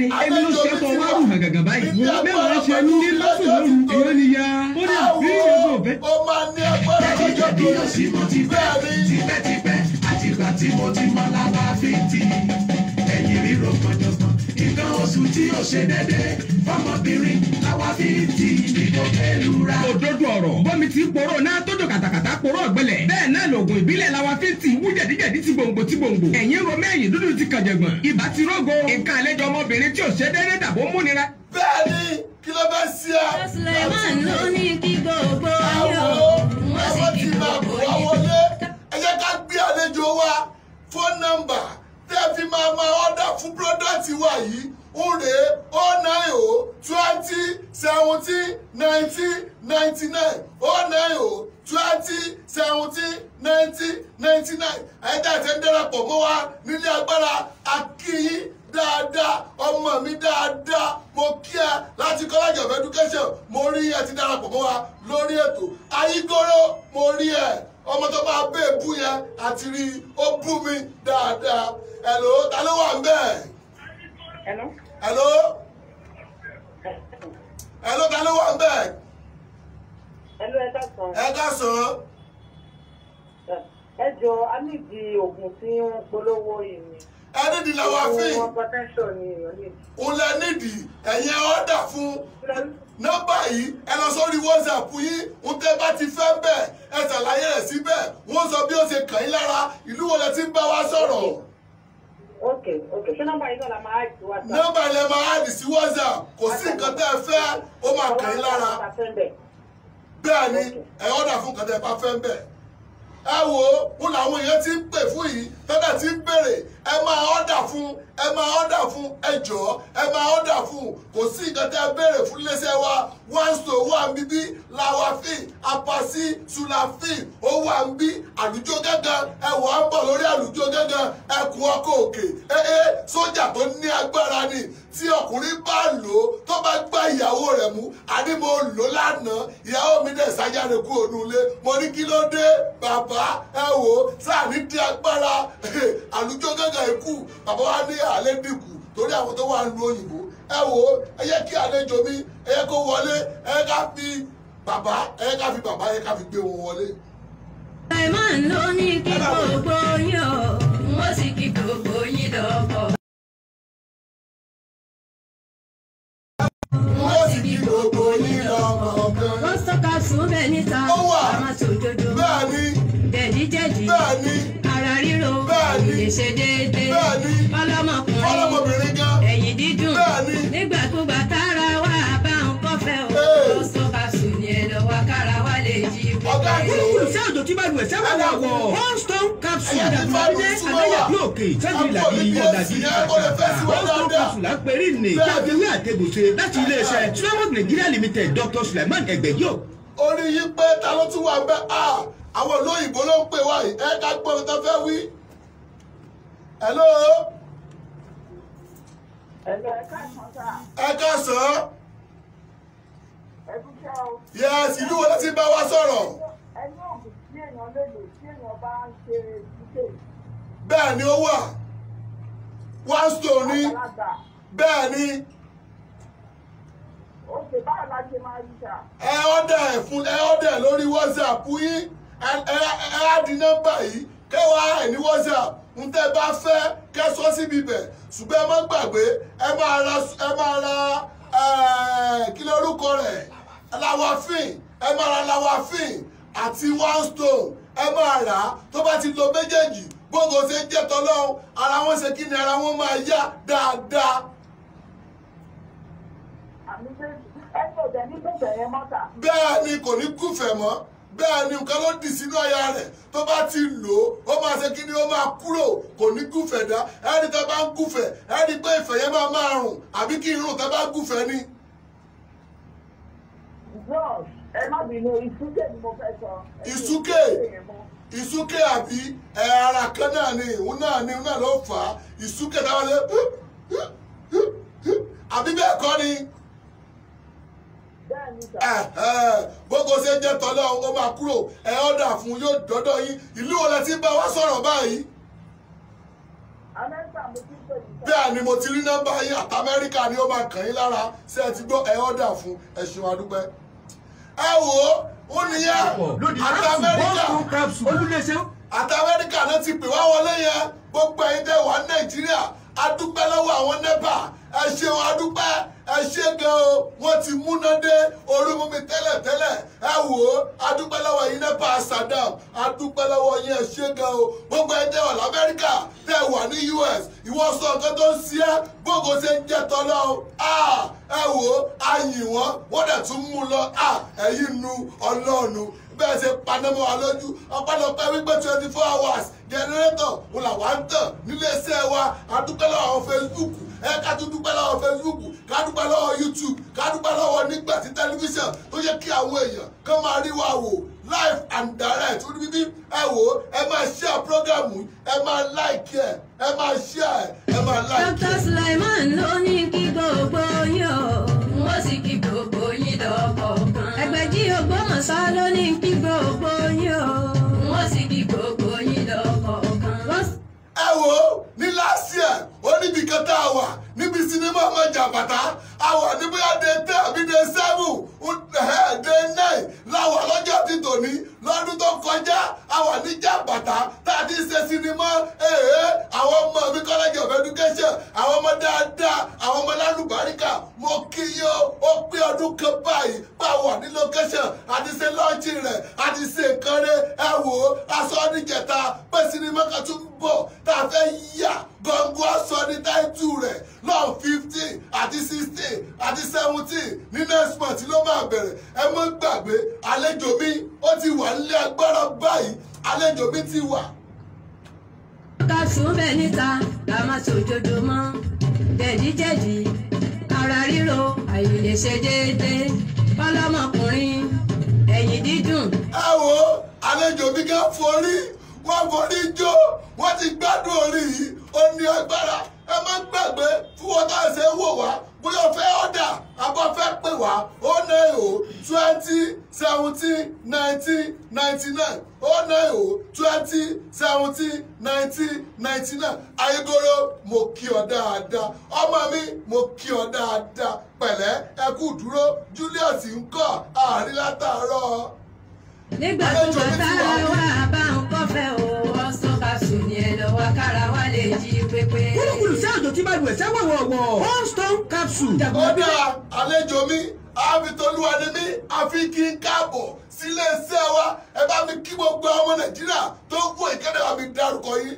jáde èmi ló ṣe fọ wárù hàn báyìí mẹ́wàá ṣe ní lọ́sùn lóru èèyàn ni ya ó ní àbí ìyàgò bẹ́ẹ̀. ó máa ní agbára lọ́jọ́ bí o sì mo ti fẹ́ mi. tipẹ́tipẹ́ àtìgbà tí mo ti mọ lálá fi ẹ̀yìn ríro kan jọ nǹkan oṣù tí ò ṣe dédé fọmọbìnrin láwa fi ti ìdìbò pẹ̀lú ra. òdodo ọ̀rọ̀ bọ́mi ti poro náà tójó kàtàkàtà poro ọ̀gbẹ́lẹ̀ bẹ́ẹ̀ náà lòògùn ìbílẹ̀ láwa fi ti wú jẹ̀díjẹ̀dí ti gbòǹgbò ti gbòǹgbò ẹ̀yìn ro mẹ́yìn dúdú ti kàjẹ̀gbọ̀n ibà ti rógo nǹkan àlejò ọmọbìnrin tí ò ṣe dédé dàbó múnira. bẹ́ẹ̀ni kí ló bá sí a. Suleiman ló ní kí gbogbo ayọ̀ wọ́n sì kí gbogbo ayọ̀. ẹ jẹ́ ká tẹ́ fi máa máa ọ́dà fún pírọ́dọ̀tì wa yìí ure o oh nine o oh, twenty seventeen nineteen ninety nine o oh nine o twenty seventeen nineteen ninety nine ẹ̀dá tẹ́ darapọ̀ mọ́ wa nílé agbára akíyín dáadáa ọmọ mi dáadáa mo kí ẹ láti college of education mo rí ẹ ti darapọ̀ mọ́ wa lórí ètò ayígọ́rọ́ mo rí ẹ ọmọ tó bá bẹ́ẹ̀ bú yẹn àti rí ó bú mi dáadáa hello ta ló wà ńbẹ̀ hello hello hello ta ló wà ńbẹ̀ hello ẹ káàsán ẹ káàsán ẹ jọ a nídi oògùn tí wọ́n polówó yìí ni ẹni di làwọn àfin òun lẹ nídìí ẹ̀yin ọ̀dà fún nọ́mbà yìí ẹ lọ sórí whatsapp yín ń tẹ́ bá ti fẹ́ bẹ́ẹ̀ ẹ ṣàlàyé rẹ̀ síbẹ̀ wọ́n sọ bí ó ṣe kàn yín lára ìlú wo lẹ ti ń bá wa sọ̀rọ̀ okay okay ṣé nọ́mbà yìí náà la máa add sí whatsapp. nọ́mbà yìí la máa add sí whatsapp kò sí nǹkan tẹ́ ẹ fẹ́ ó máa kàn yín lára bẹ́ẹ̀ ni ẹ ọ̀dà fún nǹkan tẹ́ ẹ bá fẹ́ ń bẹ̀ ẹ wo ó làwọn èèyàn ti ń pè fún yìí tọ́dà ti ń bèrè ẹ máa ọ́dà fún ẹ máa ọ́dà fún ẹ jọ̀ọ́ ẹ máa ọ́dà fún kò sí nǹkan tẹ́ ẹ bèrè fún iléeṣẹ́ wa one store wà ń bíbí làwàfí apasi sùlàfí ó wà ń bí àlùjọ gángan ẹ wà ń bọ̀ lórí àlùjọ gángan ẹ kú ọkọ̀ òkè ee eh, eh, sójà tó ní agbára ni tí ọkùnrin bá lò ó tó bá gbá ìyàwó rẹ̀ mú àní mo lò lánàá ìyàwó mi dẹ̀ sáyáre kú ònú ilé mo ní kí ló dé bàbá ẹ wò sáà ní di agbára àlùjọ gángan ikú bàbá wa ní àlẹ́ dìkù torí àwọn tó wà ń lu òyìnbó ẹ wò ó ẹ yẹ kí àlejò mi ẹ yẹ kó wọlé ẹ yẹ ká fi bàbá ẹ yẹ ká fi bàbá ẹ yẹ ká fi gbé wọn wọlé. àìmọ́ ló ní kí gbogbo yín ọ̀ wọ́n sì sì kí gbogbo yín lọ́kọ̀ọ̀kan. ó ríro lè ṣe déédéé ọlọ́mọkùnrin ẹ̀yìn dídùn nígbàkúgbà tára wà bá ń kọ́fẹ́ o lọ sọ ká sùn yẹn lọ wá kára wá lè jí pépé. kúlùkùlù sí àjò tí bàbá ẹ̀ sẹ́wọ̀n wà wọ̀ one stone capsule àdàmọ́dé àdáyàbí òkè ìtẹ́jú ìlàjì ìyọ̀dàjì àkàkà one stone capsule àpèrí nì jáfewé àtẹ̀gùsẹ̀ láti iléeṣẹ́ travel Nigeria Limited Dr. Suleiman Ẹgbẹ̀gí orí yí pé ta ló tún wà bẹ́ẹ̀ ah, àwọn olóyìnbó ló ń pè wá yìí ẹ ká gbọ́ tó fẹ́ wí. hello. ẹ káàsán. yes ìlú wo ló ti bá wa sọ̀rọ̀. bẹ́ẹ̀ ni ó wà one stone ni bẹ́ẹ̀ ni ẹ ọ́dà ẹ̀ fún ẹ ọ́dà lórí WhatsApp yín ẹ á di nọ́mbà yìí kẹwàá ẹ̀ ní WhatsApp ń tẹ́ bá fẹ́ kẹsọ́ síbi bẹ̀ ṣùgbọ́n ẹ má gbàgbé ẹ máa ra ẹ máa ra kí lórúkọ rẹ̀ lawafin ẹ máa ra lawafin àti one stone ẹ máa rà á tó bá ti lo méjèèjì gbogbo ṣe ń jẹ́ tọ́lọ́run ara wọn ṣe kí ni ara wọn máa yá dáadáa. bẹ́ẹ̀ ni kò ní kúfẹ̀ mọ́ bẹ́ẹ̀ ni nǹkan ló dì sínú aya rẹ̀ tó bá ti lò ó ó máa ṣe kí ni ó máa kúrò kò ní gúfẹ̀ dá ẹni tó bá ń gúfẹ̀ ẹni pé ìfẹ̀ yẹn máa máa rùn àbí kí irun tó bá gúfẹ̀ ni. ẹ má bínú ìsúkè ni mo fẹ́ sọ. ìsúkè ìsúkè àbí ẹ ara kan náà ni ìhun náà ni ìhun náà ló fà á ìsúkè táwọn lè àbí bẹ́ẹ̀ kọ́ ni gbogbo ṣe jẹ́ tọ́lá ó máa kúrò ẹ ọ̀dà fún yóò dọ́dọ̀ yín ìlú wo lẹ bá wa sọ̀rọ̀ báyìí. bẹ́ẹ̀ ni mo ti rí nọ́mbà yín àti amẹ́ríkà ni ó máa kàn yín lára ṣé ẹ ti gbọ́ ẹ ọ̀dà fún ẹ ṣeun ẹ wò ó ó nìyẹn àti amẹ́ríkà àti amẹ́ríkà náà ti pè wá wọlé yẹn gbogbo ẹ̀yin tẹ́ wà ní nàìjíríà adúpẹ́ lọ́wọ́ àwọn nẹ́pà ẹ ṣeun ẹ ṣé gan o wọ́n ti múná dé orí mú mi tẹ́lẹ̀ tẹ́lẹ̀ ẹ wò ó adúpẹ́ lọ́wọ́ yín nípa sadam adúpẹ́ yín ẹ ṣé gan o gbogbo ẹ jẹ́ wà lamẹ́ríkà tẹ́ wà ní US ìwọ sọ nǹkan tó ń ṣe é gbogbo ṣe ń jẹ́ tọ́lọ́ o ẹ wò ó ayìn wọn wọ́n dẹ̀ tún mú lọ ẹ̀yìn nu ọlọ́ọ̀nu bẹ́ẹ̀ ṣe panamọ́ wa lójú ọpẹ́lọpẹ́ wípé twenty four hours generator wọn làwọn ń tàn níléeṣẹ́ wa adúpẹ́ lọ́wọ́ Facebook ẹ̀ka tún dúpẹ́ lọ́wọ́ Facebook kádúpẹ́ lọ́wọ́ YouTube kádúpẹ́ lọ́wọ́ nígbà tí tẹlifíṣàn tó yẹ kí àwọn èèyàn kán máa rí wa wò live and direct ó ní bíbí ẹ wò ó ẹ máa share program ẹ máa like ẹ ẹ máa share ẹ ẹ máa like ẹ. máa ma jà bàtà a wà ní bóyá de ten àbí de seven ẹ̀ẹ́dẹ́ náà láwọn ọlọ́jọ́ ti tòní lọ́dún tó kọjá àwa níjà bàtà tá a ti ṣe sinimá ẹ̀ẹ́ àwọn ọmọ mi college of education àwọn ọmọ dáadáa àwọn ọmọ lálùbáríkà mo kí yó ó pé ọdún kan báyìí bá wà ní location àti ṣe lọ́ọ̀jì rẹ̀ àti ṣe ìkànnì ẹ̀wò aṣọ oníjẹta pé sinimá kan tún bọ̀ tá a fẹ́ yà gbọ̀ngàn aṣọ ní táìtù rẹ̀ lọ́ọ̀ fifteen àti sixteen àti seventeen ní next month ló máa bẹ̀rẹ̀ ẹ mọ́ gbàgbé àlejò mi ó ti wà nílé agbára báyìí àlejò mi ti wà. ká sùn bẹ́ẹ̀ níta ká má sòjòjò mọ́ jẹ̀díjẹ̀dí ara ríro àìlèṣe déédéé fọlọ́mọkùnrin ẹ̀yìn dídùn. ẹ wo àlejò mi ká forí wọ́n forí jó wọ́n ti gbádùn orí yìí ó ní agbára ẹ má gbàgbé fún wọn tá a ṣe wò wá bóyá o fẹ́ ọ̀dà abọ́ fẹ́ pè wá ó ná èhò twenty seventeen nineteen ninety nine ó oh ná èhò twenty seventeen nineteen ninety nine ayégoro mo kí ọ dáadáa ọmọ mi mo kí ọ dáadáa pẹ̀lẹ́ ẹ kú dúró Julius ń kọ́ àárín látàárọ̀. nígbà tó bàtà wà bá ń kọ́fẹ́ o kúlùkùlù sí àjò tí báyìí ẹ̀sẹ̀ wọ̀wọ̀wọ̀ one stone capsule. ọ̀dà àlejò mi àfitolúwa ni mí àfi kí n káàbọ̀ sílé iṣẹ́ wa ẹ bá mi kí gbogbo ọmọ nàìjíríà tó ń kú ìkéde àmì dárúkọ yìí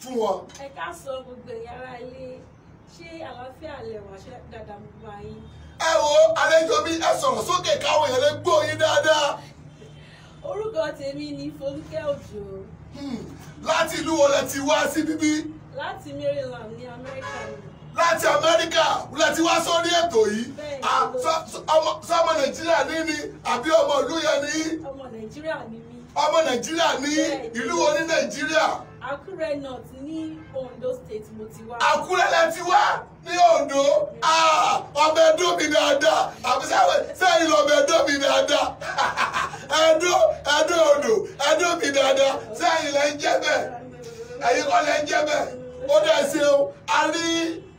fún wọn. ẹ ká sọ gbogbo ìyára ilé ṣé àlàáfíà lè wà ṣe dáadáa mú bá ẹ wo àlejò mi ẹ sọ̀rọ̀ sókè káwọn èèyàn lè gbọ́ yín dáadáa. orúkọ tèmi ni Fọlúkẹ́ Òjó. Hmm, láti ìlú wo lẹ ti wá sí bíbí láti Maryland ní Amẹ́ríkà ni. láti Amẹ́ríkà wúlẹ̀ tí wá sórí ètò yìí ah, sọmọ Nàìjíríà ní ni àbí ọmọ ìlú yẹn ní. ọmọ Nàìjíríà ni mí. ọmọ Nàìjíríà ní ìlú wo ní Nàìjíríà. Àkúrẹ́ north ní Ondo state mo ti wá. Àkúrẹ́ lẹ ti wá ní Ondo ah, ọbẹ̀ ẹ̀dọ́ mi dáadáa àbí sẹ́yìn lọ́bẹ̀ ẹ̀dọ́ mi dáadáa ẹ̀dọ́ ẹ̀dọ́ Ondo ẹ̀dọ́ mi dáadáa sẹ́yìn lẹ́ ń jẹ́ bẹ́ẹ̀ ẹ̀yin kọ́ lẹ́ ń jẹ́ bẹ́ẹ̀ ó dẹ̀ ṣeun a rí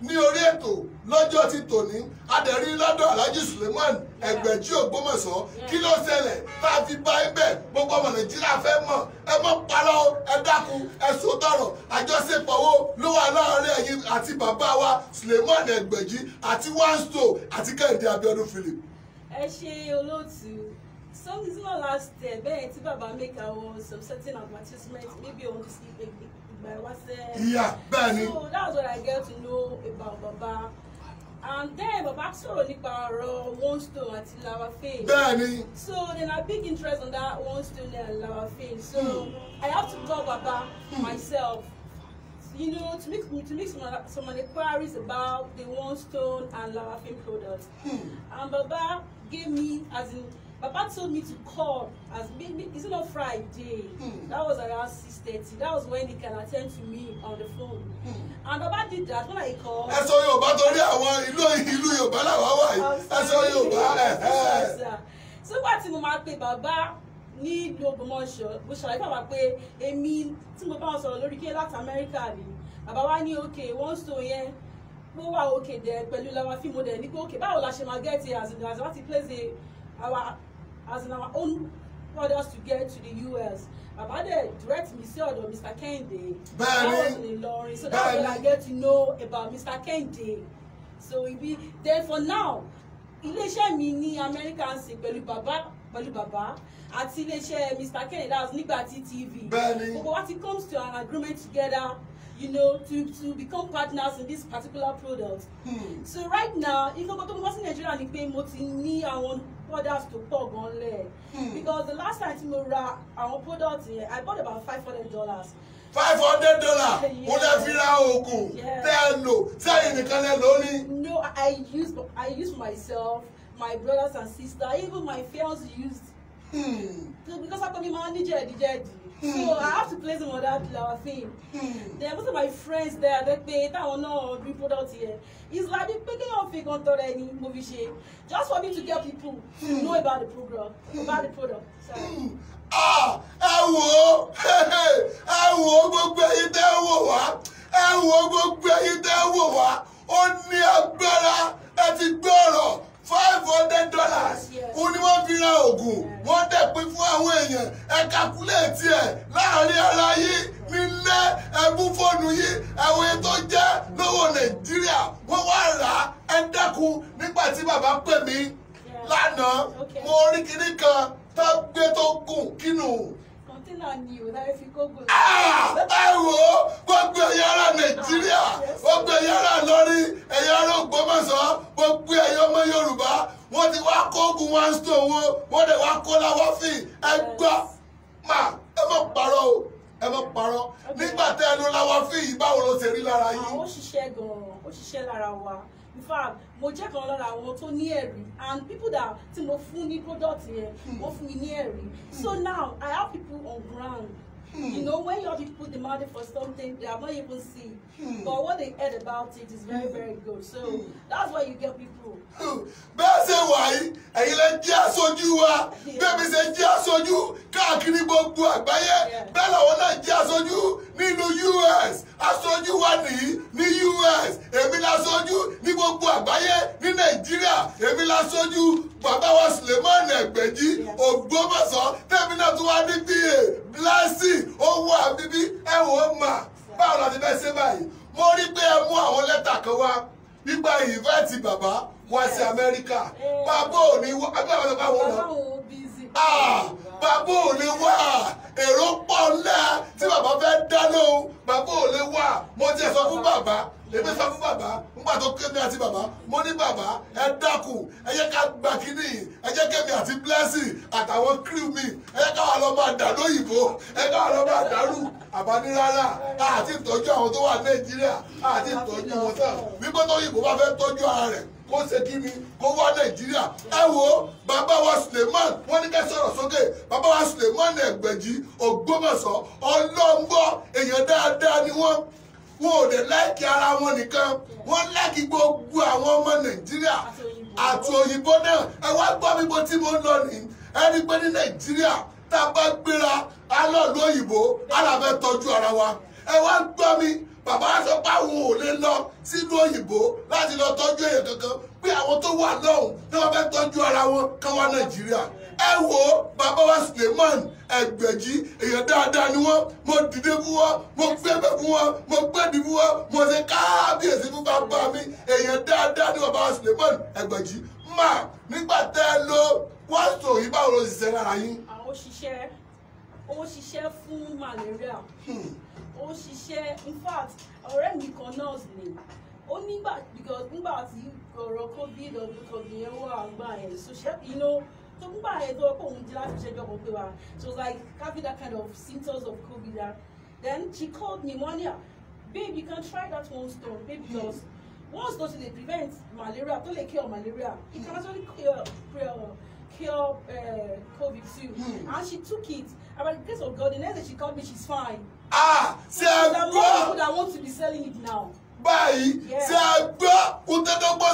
ní orí ètò lọ́jọ́ ti tòní adẹ̀rí lọ́dọ̀ alhaji suleiman ẹgbẹ̀jì ògbómọ̀ṣọ́ kí ló ṣẹlẹ̀ tá a fi bá ibẹ̀ gbogbo ọmọ nàìjíríà fẹ́ mọ̀ ẹ mọ̀ parọ́ ẹ dákun ẹ sòtọ̀rọ̀ àjọṣepọ̀ wo ló wà láàárín ẹ̀yin àti bàbá wa suleiman ẹgbẹ̀jì àti one stone àti kẹ́hìndé abiodun philip. ẹ ṣe olóòtú something is not last there bẹ́ẹ̀ tí bàbá make our subsetting advertisement maybe on this evening by myself. Yeah, Benny. So that's what I get to know about Baba. And then Baba sọ̀rọ̀ nípa ọ̀rọ̀ one stone àti lawa fame. Benny. So then I big interest on that one stone and lawa fame. So mm. I have to call Baba mm. myself. You know, to make to make some some inquiries about the one stone and lawa fame products. Mm. And Baba gave me as in Papa told me to call. as maybe is it not Friday? Mm. That was around six thirty. That was when he can attend to me on the phone. Mm. And Baba did that when I called. Ẹ sọ Yorùbá torí àwọn ìlú ìlú Yorùbá làwọn wà yìí. Ẹ sọ Yorùbá ẹ̀. Sígbà tí mo máa pe bàbá ní ìlú Ògbómọ̀ṣọ́, mo ṣàlàyé bàbá pé èmi tí mo bá wọn sọ̀rọ̀ lórí kí láti Amẹ́ríkà ni. Bàbá wa ní òkè wọ́n so yẹn pé wà òkè dẹ̀ pẹ̀lú làwọn fíìmù dẹ̀ ní pé òkè báwo la ṣe máa gẹ́ẹ̀tì as in as in wá ti place a our as in our own orders to get to the US bàbá dẹ̀ direct mi sí ọ̀dọ̀ Mr. Kehinde bẹ́ẹ̀ni bẹ́ẹ̀ni Ìlọrin so that's when I get to know about Mr. Kehinde so be then for now iléeṣẹ́ mi ní Amẹ́ríkà ń sìn pẹ̀lú bàbá pẹ̀lú bàbá àti iléeṣẹ́ Mr. Kehinde that's Nígbàtí TV bẹ́ẹ̀ni gbogbo wa ti comes to an agreement together you know, to, to become partners in this particular product. Hmm. So right now, if you go to Nigeria, pay more to me ní àwọn products tó pọ̀ gan lẹ̀ hmm. because the last time tí our ra àwọn products I bought about five hundred dollars five hundred dollar mo lè fi ra oògùn tell ẹ lò sẹ́yìn nìkan lẹ lò no i use i use myself my brothers and sisters even my friends used. Hmm. because akọni máa ń ní jẹ̀díjẹ̀dí so hmm. i have to play some of that our thing hmm. then most of my friends there dey pe táwọn náà bring product here it's like pé kéèyàn fi gan on ẹni mo fi just for me to get people to hmm. know about the program about the product. Ah, ẹ wo ẹ wo go ẹyin tẹ́ ẹ wò wá ẹ wo gbogbo ẹyin tẹ́ ẹ wò wá ó ní agbára ẹ ti gbọ́rọ̀ five hundred dollars ó ní wọ́n fi ra oògùn wọ́n dẹ̀ pín fún àwọn èèyàn ẹ kàkúlẹ̀tì ẹ̀ láàrin ara yín nílé ẹbú fóònù yín àwọn èyí tó jẹ́ lọ́wọ́ nàìjíríà wọ́n wá rà á ẹ dẹ́kun nígbà tí bàbá pè mí lánàá mo rí kinní kan tó gbé tó gùn kínú gómìnà ni ò dáre fi kógo. Ah! ẹ wo gbogbo ẹ̀yà ara nàìjíríà ah, gbogbo ẹ̀yà ara lọ́rí ẹ̀yà ara ògbómọ̀ṣọ́ gbogbo ẹ̀yà ọmọ yorùbá wọ́n ti wá kó ogun one stone wo wọ́n dẹ̀ wá kó láwọ́fì ẹgbọ́n mà ẹ mọ̀ pàrọ̀ o ẹ má parọ́ nígbà tẹ́ ẹnu láwa fi yìí báwo ló ṣe rí lára ah, yín. ó ṣiṣẹ́ gan-an ó ṣiṣẹ́ lára wa in fact mo jẹ́ kan lára àwọn tó ní ẹ̀rí and people that tí mo fún ní product yẹn hmm. wọ́n fún mi ní ẹ̀rí so now I have people on ground Hmm. You know, when you have to put the money for something, they are not even see. Hmm. But what they heard about it is very, hmm. very good. So hmm. that's why you get people. Hmm. Bẹ́ẹ̀ ṣe wàyí, ẹ̀yin lẹ jẹ́ aṣojú wa, bẹ́ẹ̀mi ṣe jẹ́ aṣojú káàkiri gbogbo àgbáyé, bẹ́ẹ̀ làwọn náà jẹ́ aṣojú nínú US, aṣojú wa nìyí ní US, èmi la ṣojú ní gbogbo àgbáyé ní Nàìjíríà, èmi la ṣojú bàbá wa Suleiman Ẹgbẹ̀jì Ògbómọ̀ṣọ́ tẹ́mi náà tún wá ní pa blessing owó àbíbí ẹ wò ó mà báwo la ti fẹ́ ṣe báyìí mo rí pé ẹ mú àwọn lẹ́tà kan wá nípa ìfẹ́ẹ̀tì bàbá wá sí Amẹ́ríkà bàbá ò ní wá abẹ́ àwọn ọ̀dọ́ wọn lọ. bàbá ò ní wá èrò pọ̀ ńlá tí bàbá fẹ́ dáná o bàbá ò lè wá mo ti sọ fún bàbá èmi sọ fún bàbá nígbà tó kéde àti bàbá mo ní bàbá ẹ dákun ẹ jẹ́ ká gba kínní ẹ jẹ́ kémi àti blessing àtàwọn crew mi ẹ jẹ́ káwa lọ máa dà lóyìnbó ẹ jẹ́ káwa lọ máa dàrú àbá ní rárá àti ìtọ́jú àwọn tó wà nàìjíríà àti ìtọ́jú wọn sàn wípé tó yìnbó bá fẹ́ tọ́jú ara rẹ̀ kó ṣe kí ni kó wá nàìjíríà ẹ wo bàbá wa suleiman wọ́n ní ká sọ̀rọ̀ sókè bàbá wa suleiman ẹgbẹ̀jì ògbómọ̀ṣọ́ ọlọ́ngbọ́ èèyàn dáadáa ni wọ́n wọn ò dẹ̀ láìkí ara wọn nìkan wọ́n láìkí gbogbo àwọn ọmọ nàìjíríà àti òyìnbó náà ẹ wá gbọ́ mi bó tí mo lọ nìyí ẹni pé ní nàìjíríà tá a bá gbéra alọ́ọ̀lù òyìnbó alàfẹ́ tọ́jú ara wa ẹ wá gbọ́ mi bàbá sọ pé àwọn ò lè lọ sínú òyìnbó láti lọ tọ́jú èèyàn kankan pé àwọn tó wà lọ́hùn-ún ni wọ́n fẹ́ tọ́jú ara wọn káwọn nàìjíríà ẹ wo bàbá wa Suleiman ẹgbẹ̀jì èèyàn dáadáa ni wọ́n mo dìde fún wọn mo gbẹ́bẹ̀ fún wọn mo gbẹ́dì fún wọn mo ṣe káábíyèsí fún bàbá mi èèyàn dáadáa ni bàbá wa Suleiman ẹgbẹ̀jì mà nígbà tẹ́ ẹ lo wàásù yìí báwo ló ṣiṣẹ́ lára yín. àwọn òṣìṣẹ́ ó ṣiṣẹ́ fún malaria hmm. ó ṣiṣẹ́ in fact ọ̀rẹ́ mi kan nọ́ọ̀sì ni ó nígbà nígbà tí ọ̀rọ̀ covid ọ̀gbìn yẹn wà gbà yẹn so ṣe you know So oh, she was like having that kind of symptoms of COVID. then she called pneumonia. Babe, you can try that one stone, babe, because one stone it prevent malaria, don't they cure malaria. It can actually cure, cure cure uh, COVID too. Hmm. And she took it. And by the grace of God, the next day she called me, she's fine. Ah, so there are more people that want to be selling it now báyìí tí a gbọ́ kúndéńdógbò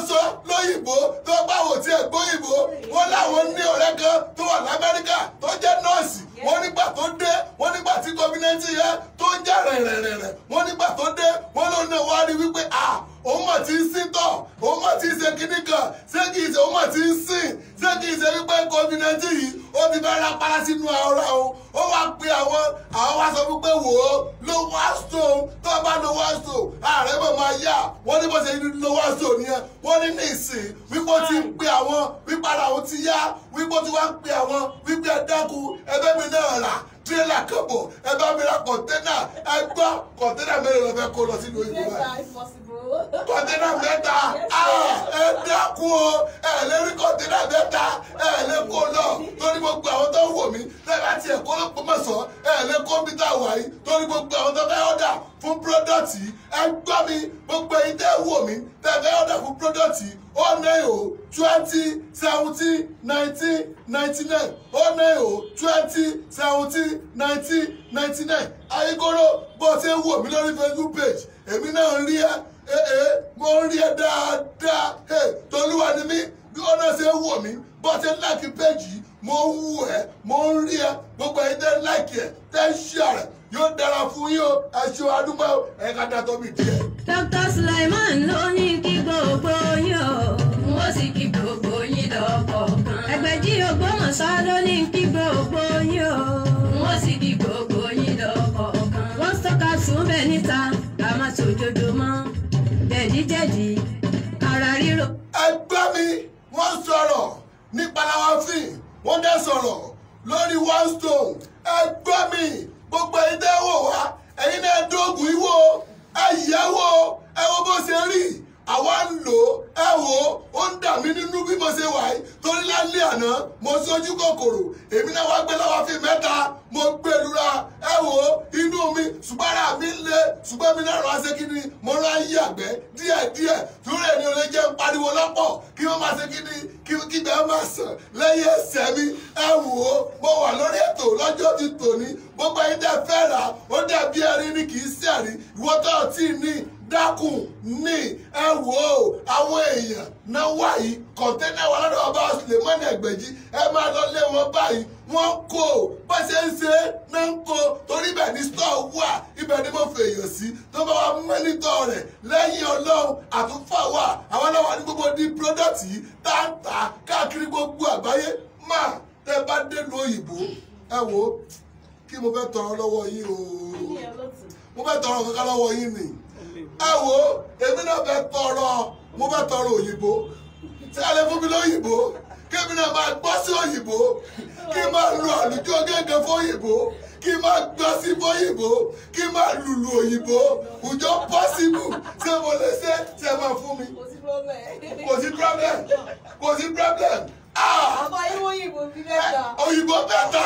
lóyìnbó tó báwo tí ẹ gbóyìnbó wọn láwọn ní ọ̀rẹ́ kan tó wà lamẹ́ríkà tó jẹ́ nọ́ọ̀sì wọn nígbà tó dé wọn nígbà tí gọ́mìnẹ́ntì yẹn tó ń jà rẹ̀rẹ̀rẹ̀rẹ̀ wọn nígbà tó dé wọn lóun náà wá rí wípé ah òun mà ti ń sín tọ̀ òun mà ti ń ṣe kíní kan ṣé kì í ṣe òun mà ti ń sìn ṣé kì í ṣe wípé covid nineteen yìí ó ti fẹ́ ra para sínú ara o ó wá pe àwọn àwọn wá sọ wípé wò ó lo one stone tó bá lo one stone ààrẹ bò máa yá wọ́n ní bó ṣe lo one stone yẹn wọ́n ní ní ìsìn wípé ó ti ń pe àwọn wípé ara òun ti yá wípé ó ti wá ń pe àwọn wípé ẹ ẹgbẹ́ mi náà rà tírélà kan bọ̀ mi ra kọ̀ńténà ẹ gbọ́ mẹ́rin lọ́fẹ́ kó lọ sínú ìlú báyìí kọ̀ǹtínà mẹ́ta ah, ẹ dákun o ẹ lè rí kọ̀ǹtínà mẹ́ta ẹ lè kó lọ torí gbogbo àwọn tó ń wò mí lẹ́la tí ẹ̀kọ́ ló pọ̀ mọ̀ sọ ẹ lè kọ́mpútà wáyé torí gbogbo àwọn tó fẹ́ ọ̀dà fún pródọ̀tì ẹ gbọ́ mi gbogbo èyí tẹ́ wò mí tẹ́ fẹ́ ọ̀dà fún pródọ̀tì oh nine o twenty seventeen nineteen ninety nine oh nine oh twenty seventeen nineteen ninety nine ayégoro bó ṣe ń wò mí lórí facebook page èmi náà ń rí ẹ ee mo ń rí ẹ dáadáa tolúwa ni mí bí wọn náà ṣe ń wò mí bó ṣe ń láàkì péjì mo ń wù ẹ mo ń rí ẹ gbogbo ẹ̀yin tẹ́ láàkì ẹ tẹ́ ń ṣíà rẹ yóò dára fún yín o ẹ ṣe adúgbò ẹ ká dá tóbi díẹ̀. Dr. Sulaiman ló ní kí gbogbo. ọ̀sán ló ní kí gbogbo yín o. wọ́n sì kí mi wọ́n sọ̀rọ̀ ní palawa wọ́n dẹ̀ sọ̀rọ̀ lórí one stone ẹ gbọ́ mi gbogbo ẹ̀yin tẹ́ wò wá ẹ̀yin náà dóògùn ìwò ẹ̀yẹ́wò ẹ bó ṣe rí àwa ń lò ó ẹ wò ó ó ń dà mí nínú bí mo ṣe wà yìí tó ń lálẹ́ àná mo sójú kòkòrò èmi náà wá gbé lọ́wọ́ fi mẹ́ta mo gbẹ̀rúra ẹ wò ó inú mi ṣùgbọ́n ara mi ń le ṣùgbọ́n mi náà rọ aṣẹ́ kí ni mo rọ ayé àgbẹ̀ díẹ̀díẹ̀ túrẹ̀ ni olè jẹ́ ń pariwo lọ́pọ̀ kí wọ́n máa ṣe kí ni kí bẹ́ẹ̀ máa sàn lẹ́yìn ẹsẹ̀ mi ẹ wò ó mo wà lórí ètò lọ́jọ́ ti tòní gbogbo ẹ̀yin dẹ́ fẹ́ rà ó dàbí ẹ̀rín ni kì í sẹ̀rí ìwọ́tọ̀ tí ì dákun ní ẹ wò ó àwọn èèyàn náà wà yìí kọ̀ńténà wà lọ́dọ̀ ọba Sulemani Ẹgbẹ̀jì ẹ máa lọ lé wọn báyìí wọ́n kó bá ṣe ń ṣe náà ń kó torí ibẹ̀ ni store wà ibẹ̀ ni mo fèèyàn sí tó bá wa mẹ́nítọ̀ rẹ̀ lẹ́yìn ọlọ́run àtúnfà wà àwọn náà wà ní gbogbo ní product yìí tá ń tà káàkiri gbogbo àgbáyé má tẹ bá dénú òyìnbó ẹ wò ó kí mo fẹ́ tọrọ lọ́wọ́ yín o mo fẹ́ tọrọ kankan lọ́wọ́ yín nìyí ẹ wo èmi náà fẹ́ tọrọ mo fẹ́ tọrọ òyìnbó tí a lè fún mi lóyìnbó kí náà máa gbọ́ sí òyìnbó kí n máa lu àlùjọ gẹ́gẹ́ fún òyìnbó kí n máa gbọ́ sí fóyìnbó kí n máa lùlù òyìnbó ǹjọ́ pọ́sibú ṣé mo lè ṣe ṣe máa fún mi kò sí problem kò sí problem. Ah! àbọ̀ ìwọ òyìnbó bẹ́ẹ̀ ta. òyìnbó bẹ́ẹ̀ ta.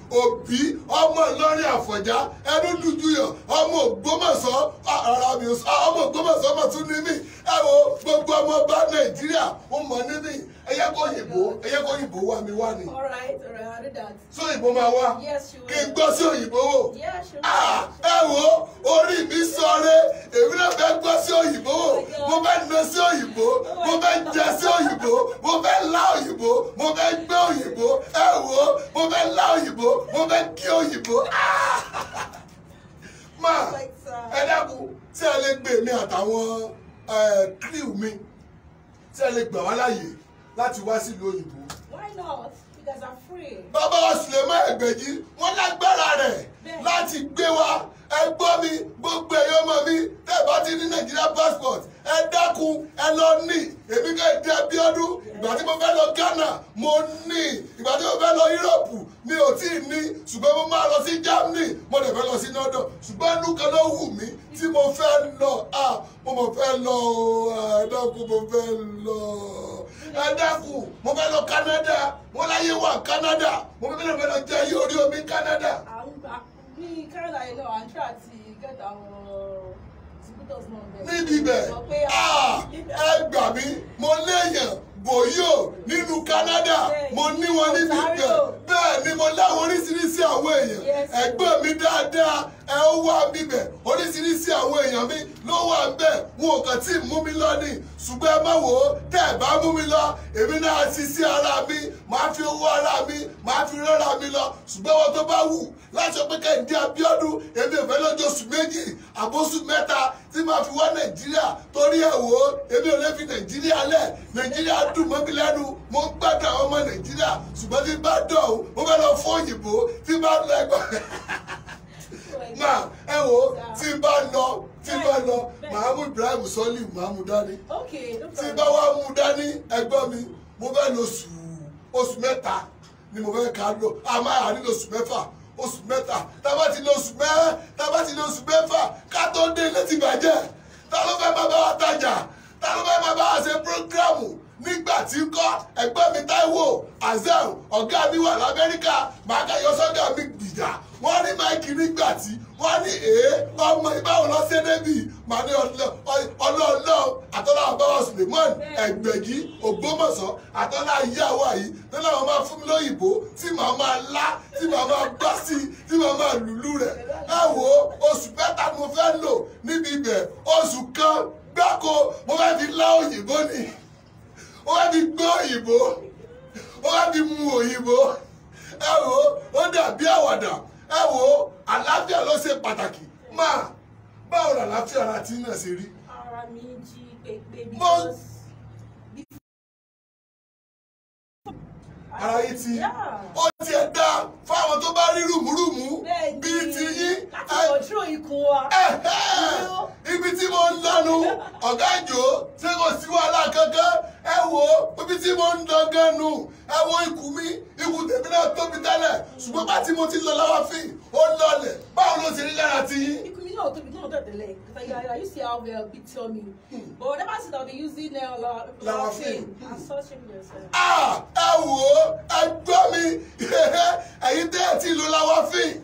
òbí ọmọ ìlọrin àfọ̀njá ẹnu dùjúyọ̀ ọmọ ògbómọ̀ṣọ́ ọmọ ògbómọ̀ṣọ́ ọmọ tún ní mí ẹ wo gbogbo ọmọ bá nàìjíríà ó mọ ní mí ẹyẹ kó yìnbó ẹyẹ kó yìnbó wá mi wá ni. all so òyìnbó máa wá kí n gbọ́ sí òyìnbó wò ẹ wo orí mi sọre èmi náà fẹ́ gbọ́ sí òyìnbó wò oh mo fẹ́ nà sí òyìnbó oh mo fẹ́ jẹ sí òyìnbó mo fẹ́ lá òyìnbó mo fẹ́ gbé òyìnbó ẹ mo fẹ́ lá òyìnbó mo fẹ́ kí òyìnbó máa ẹ dákun tí a lè gbé mi àtàwọn crew mi tí a lè gbà wá láàyè láti wá sílùú òyìnbó. why not because i'm free. bàbá wa Suleiman Ẹgbẹ̀jì wọ́n lágbára rẹ̀ láti gbé wa ẹ gbọ́ mi gbogbo ẹ̀yọ́ ọmọ mi tẹ́ ẹ bá ti ní nàìjíríà passport ẹ dákun ẹ lọ ní èmi kẹ́ ẹ di Abíọ́dún ìgbà tí mo fẹ́ lọ Ghana mo ní ìgbà tí mo fẹ́ lọ Europe mi ò tí ì ní ṣùgbọ́n mo máa lọ sí Germany mo lè fẹ́ lọ sí London ṣùgbọ́n ìlú kan ló wù mí tí mo fẹ́ lọ ah mo mọ̀ fẹ́ lọ o ẹ dákun mo fẹ́ lọ ẹ dákun mo fẹ́ lọ Canada mo láyé wà Canada mo fẹ́ lọ jẹ́ yóò rí omi Canada. àwọn gbà bí kárìlà yìí náà àǹtí àti gẹ́tà wọn níbi ibẹ̀ ah, ah, ẹ gbà mí mo léèyàn bòyò nínú Canada mo ní wọn níbi ibẹ̀ bẹ́ẹ̀ ni mo láwọn oríṣiríṣi àwọn èèyàn ẹgbẹ́ mi dáadáa ẹ ó wá bíbẹ̀ oríṣiríṣi àwọn èèyàn mi ló wà bẹ́ẹ̀ wọn ò kàn tí ì mú mi lọ ni ṣùgbọ́n ẹ má wò ó tẹ́ ẹ bá mú mi lọ èmi náà sì sí ara mi màá fi owó ara mi màá fi rọ́ra mi lọ ṣùgbọ́n wọn tó bá wù láti ọpẹ́ kẹ́hìndé Abíọ́dún èmi ò fẹ́ lọ́jọ́ oṣù méjì àbóṣù mẹ́ta tí màá fi wá Nàìjíríà torí ẹ̀ wò ó èmi ò lè fi Nàìjíríà lẹ̀ Nàìjíríà dùn mọ́ mi lẹ́nu mo ń gbàdọ̀ àwọn ọmọ Nàìjíríà ṣùgbọ́n tí bá dọ̀ ọ́ mo fẹ́ lọ fún òyìnbó tí bá lọ ẹgbẹ́ máa ẹ wo tí n bá lọ tí bá lọ màá Ibrahim Sọ́lì màá mú dání tí n bá wá mú dání ẹgbọ́n mi mo fẹ́ lọ oṣù mẹ́ta ni mo fẹ́ ká lọ àmọ́ àní lóṣù mẹ́fà oṣù mẹ́ta tábà ti lọ oṣù mẹ́ẹ́ tábà ti lọ oṣù mẹ́fà ká tó dé létí bàjẹ́ ta ló fẹ́ bá bá wa tajà ta ló fẹ́ bá bá wa ṣe prógrámù nígbà tí ń kọ́ ẹgbẹ́ mi Táíwò Azeem ọ̀gá mi wà l'Amẹ́ríkà màá kà yọ sọ́dọ̀ mi gbìjà wọ́n ní máìkì nígbà tí wọ́n ní èé ọmọ ìbáwò lọ sí débì màá ní ọlọ́ọ̀lọ́ àtọ́lá àbáwọ̀ Suleiman Ẹgbẹ̀gí Ògbómọ̀ṣọ́ àtọ́lá ìyáwó yìí nínú àwọn máa fún mi lóyìnbó tí màá máa lá tí màá máa gbá sí tí màá máa lùlù rẹ̀ ẹ wo oṣù mẹ́ta mo fẹ́ lò níbi ibẹ̀ oṣù kan gbáko mo fẹ́ fi lá òyìnbó ni ó wá ti gbọ́ òyìnbó ó wá ti mu òyìnbó ẹ wo ó dàbí àwàdà ẹ wo àlàáfíà ló ṣe pàtàkì máa báwo làlàáfíà ara ti náà ṣe rí. ara mi jí pépé bí wọ́n sọ. ara yìí ti ó tiẹ̀ dá fáwọn tó bá rí rùmùrùmù bíi ti yín. láti ojú ikùn wa. ibi tí mo ń lanu ọ̀gá ìjò ṣé kò sí wàhálà kankan ẹ wo ibi tí mo ń dán nu ẹ wo ikùn mi ikùn tèmi náà tóbi tẹ́lẹ̀ ṣùgbọ́n bá tí mo ti lọ láwáfíì ó lọlẹ̀ báwo ló ṣe rí lára ti yín know, you know that the leg. Like, yeah, like, you see how well big tummy. Hmm. But whenever I see that, I'll be using uh, la, la, la I'm so shame yourself. Ah, ẹ wò, ẹ gbọ́ mi. Ẹ̀yin tẹ́ ẹ ti lo lawa film.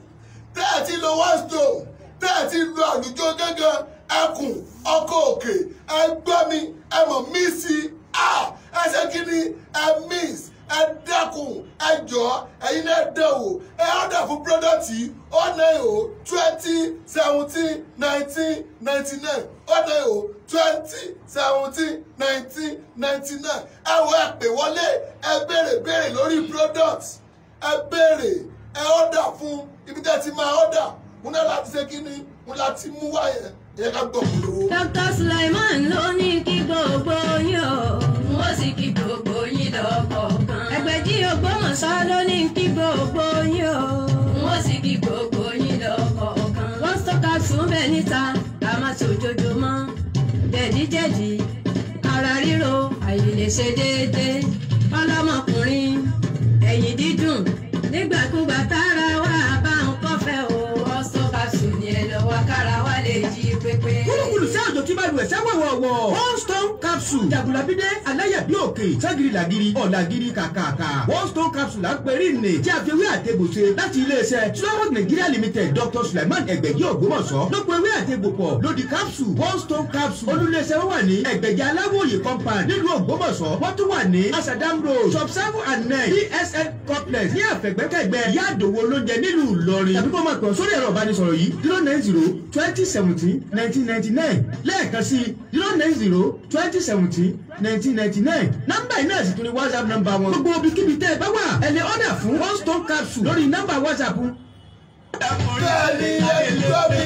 Tẹ́ ẹ ti lo one stone. Tẹ́ ẹ ti lo àlùjọ gángan. Ẹkùn, ọkọ̀ mi, ẹ mọ̀ mí Ah, ẹ ṣe kí ni? Ẹ miss ẹ dẹ́kun ẹ jọ ẹ̀yin náà dẹ̀ wò ẹ ọ̀dà fún pírọ́dọ̀tì ọ̀nà ìhò twenty seventeen nineteen ninety nine ọ̀nà ìhò twenty seventeen nineteen ninety nine ẹ wọ ẹ pè wọlé ẹ béèrè béèrè lórí product ẹ béèrè ẹ ọ̀dà fún ibi tẹ́ ti máa ọ̀dà mo náà láti ṣe kí ni mo láti mú wáyẹn ìyẹn ká gbọ̀ kúlówó. Dr. Sulaiman ló ní kí gbogbo Ògbómọ̀ṣọ́ ló ní kí gbogbo yín o. wọ́n sì kí gbogbo yín lọ́kọ̀ọ̀kan. wọ́n sọ́ka sùn bẹ́ẹ̀ níta ká má sojoojúmọ́. jẹ̀díjẹ̀dí ara ríro àìlèṣe déédéé ọlọ́mọkùnrin ẹ̀yìn dídùn nígbàkúgbà tára wà bá ń ojúbàlù ẹ̀sẹ̀ wọ̀wọ̀wọ̀ one stone capsule jagunlabide aláyàbí òkè ságiri làgiri ọ̀làgiri kàkàkà one stone capsule à ń pèrè nì tí a fi ewé àtẹ̀gbòse láti iléeṣẹ́ sulawesi nigeria limited dr sulaiman ẹgbẹ̀jì ògbómọ̀ṣọ́ ló pe ewé àtẹ̀gbòpọ̀ lòdì capsule one stone capsule olùléeṣẹ́ wà ní ẹgbẹ̀jì aláwòye compound nílùú ògbómọ̀ṣọ́ wọ́n tún wà ní asadam road shop seven and nine psn e complex ní àfẹ̀gbẹ́kẹ̀gbẹ́ yáàdòwò lóúnjẹ nílùú ìlọrin tàbí kó máa pè ọ́ sórí ẹ̀rọ ìbánisọ̀rọ̀ yìí zero nine zero twenty seventeen nineteen ninety nine lẹ́ẹ̀kan sí zero nine zero twenty seventeen nineteen ninety nine nọ́mbà yìí náà sì tún ní whatsapp nọ́mbà wọn. gbogbo ibikíbi tẹ́ ẹ bá wà ẹ ọ̀dà fún one stone capsule lórí nọ́mbà whatsapp. bẹ́ẹ̀ni ẹjọ mi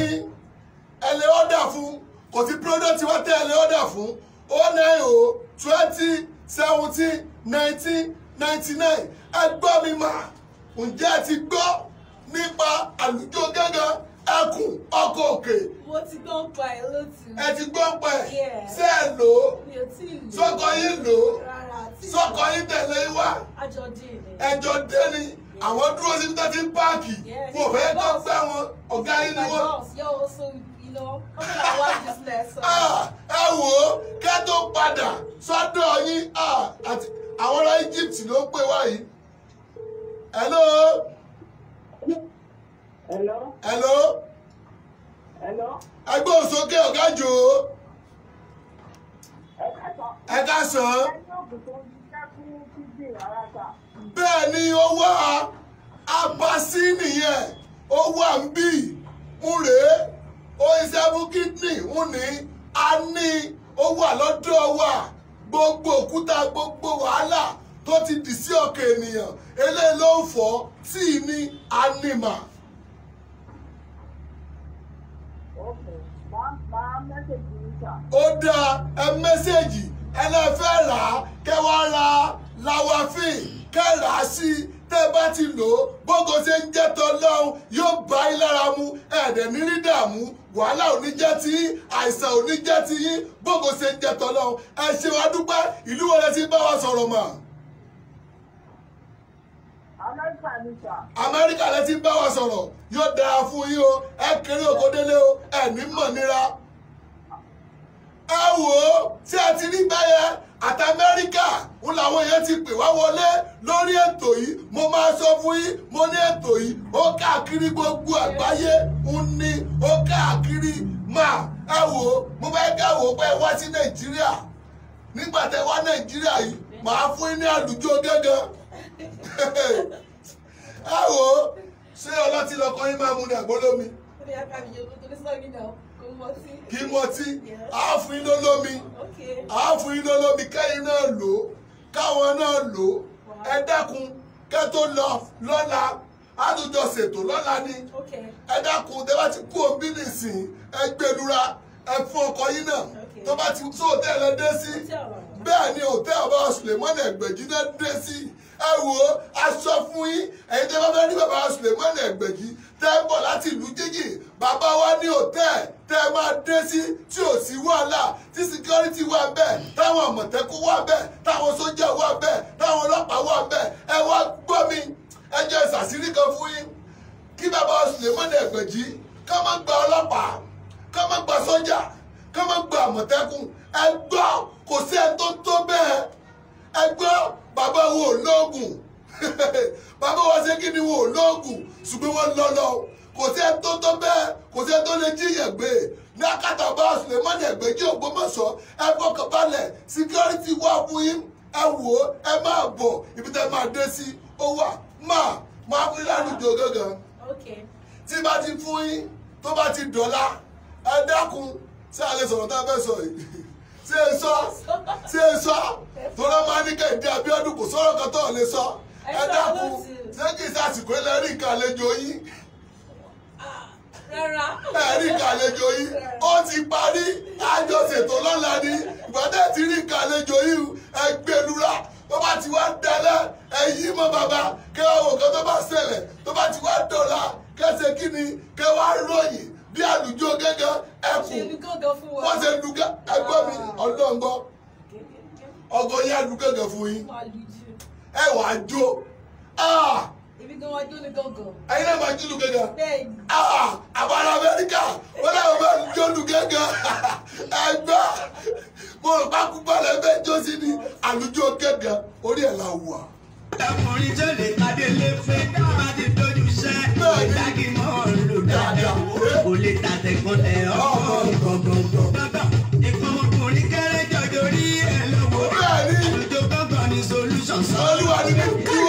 ẹ lè ọ̀dà fún kò sí product wa tẹ́ ẹ lè ọ̀dà fún o nine o twenty seventeen nineteen ninety nine ẹ gbọ́ mi mà ǹjẹ́ ẹ ti gbọ́ nípa àlùjọ gángan ẹkùn ọkọ òkè. mo ti gbọ́ ń pa ẹ̀ lótú. ẹ ti gbọ́ ń pa ẹ̀ ṣé ẹ lò ó sọkọ yín lò ó sọkọ yín tẹ̀lé yín wá ẹjọ́ dé ni àwọn dúró sí tó ti ń páàkì mo fẹ́ tó gbẹ́ wọn ọ̀gá yín ni wọ́n. Ah, ẹ wò ó kẹ́ tó padà sọ́dọ̀ yín ah, àwọn ará Egypt ló pè wá yìí. hello. Hello. Hello. Hello. Ẹgbẹ́ òsókè ọ̀gá jù ú. Ẹ ká sàn. Bẹ́ẹ̀ ni ó wà abasí nìyẹn, ó wà ń bì, ń rèé, ó iṣẹ́ mú kídìní, ń ní, a ní, ó wà lọ́dọ̀ wa, gbogbo òkúta, gbogbo wàhálà tó ti dì sí ọkàn ènìyàn, eléyìí ló ń fọ́ tí ní anima. ó dáa ẹ mẹ́sẹ̀gì ẹ lè fẹ́ rà á kẹwàá ra lawafin kẹ́rà á sí i tẹ́ ẹ bá ti lò ó bógo ṣe ń jẹ́ tọ́lọ́hún yóò bá yín lára mu ẹ̀ẹ́dẹ̀ ní rí dààmú wàhálà ò ní jẹ́ ti yín àìsàn ò ní jẹ́ ti yín bógo ṣe ń jẹ́ tọ́lọ́hún ẹ ṣe wá dúpẹ́ ìlú wo lẹ ti bá wa sọ̀rọ̀ mọ́. amẹ́ríkà ni bá wa sọ̀rọ̀ yóò dára fún yín o ẹ kéré òkòdélé o ẹ ní mọ̀ nira ẹ wò ó tí a ti rí bẹ́yẹn àti amẹ́ríkà ń làwọn èèyàn ti pè wá wọlé lórí ètò yìí mo máa sọ fún yín mo ní ètò yìí ó káàkiri gbogbo àgbáyé ń ní ó káàkiri máa ẹ wò ó mo fẹ́ ká wò ó pé wá sí nàìjíríà nígbà tẹ wá nàìjíríà yìí màá fún yín ní àlùjọ gángan ẹ wò ó ṣé ọlọ́tí lọkọ yín máa mu ní àgbọ́lómi kí mọtí àá fún yín lólómi àá fún yín lólómi kẹ́yìn náà lò ó káwọn náà lò ó ẹ dákun kẹ́ tó lọ lọ́la àdùjọ ṣètò lọ́la ni ẹ dákun tẹ́ bá ti kú òbí nìsín ẹ gbẹdúrà ẹ fún ọkọ yín náà tó bá ti tó òtẹ́ẹ̀lẹ́ dé sí bẹ́ẹ̀ ni òtẹ́ẹ̀lẹ́ bá Sulemon Ẹgbẹ̀jí náà dé sí ẹ wò ó aṣọ fún yín ẹ̀yin tẹ́ bá fẹ́ rí bàbá Suleiman Ẹgbẹ̀jì tẹ́ ń bọ̀ láti ìlú jíjìn bàbá wa ní hòtẹ́ẹ̀ tẹ́ ẹ máa dé sí tí ò sí wàhálà tí security wà bẹ́ẹ̀ táwọn àmọ̀tẹ́kùn wà bẹ́ẹ̀ táwọn sójà wà bẹ́ẹ̀ táwọn ọlọ́pàá wà bẹ́ẹ̀ ẹ wá gbọ́ mi ẹ jẹ́ ìsàsírí kan fún yín kí bàbá Suleiman Ẹgbẹ̀jì ká má gba ọlọ́pàá ká má gba sójà ká má gba àmọ̀tẹ́kùn ẹ kò sí ẹ tó tó bẹ́ẹ̀ ẹ bàbá wo lóògùn bàbá wa ṣe kí ni wo lóògùn ṣùgbọ́n wọ́n lọ lọ kò sí ẹni tó tó bẹ́ẹ̀ kò sí ẹni tó lè jíyàn gbé ní akátàbá Sulemani Ẹgbẹ́jí Ògbómọ̀ṣọ́ ẹ fọkàn balẹ̀ síkírọ́rìtì wà fún yín ẹ wò ó ẹ máa bọ̀ ibi tẹ́ máa dé sí ó wà máa máa fún lálùjọ gángan tí bá ti fún yín tó bá ti dọ̀la ẹ dákun sí àlẹ́ sọ̀rọ̀ tá a fẹ́ sọ yìí. ṣé ẹ sọ ṣé ẹ sọ tọ́lá máa ní kẹ́hìndé Abíọ́dún kò sọ̀rọ̀ kan tó lè sọ ẹ dákun ṣé kì í sàsìkò ilẹ̀ rí nǹkan àlejò yín ah, ẹ rí nǹkan àlejò yín ó ti parí àjọṣètò lọ́la ni ìgbàdé ti rí nǹkan yín ẹ gbẹlura e tó bá ti wá dalẹ̀ ẹ yí bàbá kẹ́ ọ̀wọ̀ kan tó bá ṣẹlẹ̀ tó bá ti wá dọ̀la kẹ́sẹ̀ kí ni kẹ́ wá ròyìn bí àlùjọ gángan ẹkùn wọ́n ṣe lu ẹgbọ́ mi ah. ọlọ́ngbọ́ ọgọ́ yẹn àlù gángan fún yín ẹ wà á jó ah. èmi gan wá jó ní gángan. ẹyin náà máa jó lu gángan. Ah. àbára amẹ́ríkà wọ́n náà máa jó lu gángan ẹgbẹ́ mo rò pákó balẹ̀ bẹ́ẹ̀ jó sí ni àlùjọ gángan orí ẹ̀ la wà. ọkùnrin tó lè pàdé lè fẹ́ bá ti dojú iṣẹ́ ìdágì jọ kò lè tàtẹ̀kọ́lẹ̀ ọmọ gbọ̀ngbọ̀ngbọ̀. ìkan ọkùnrin kẹrẹ jọjọ rí ẹ lọ́wọ́ òjò gbọ̀ngàn ní solution sọ. olúwa ni mo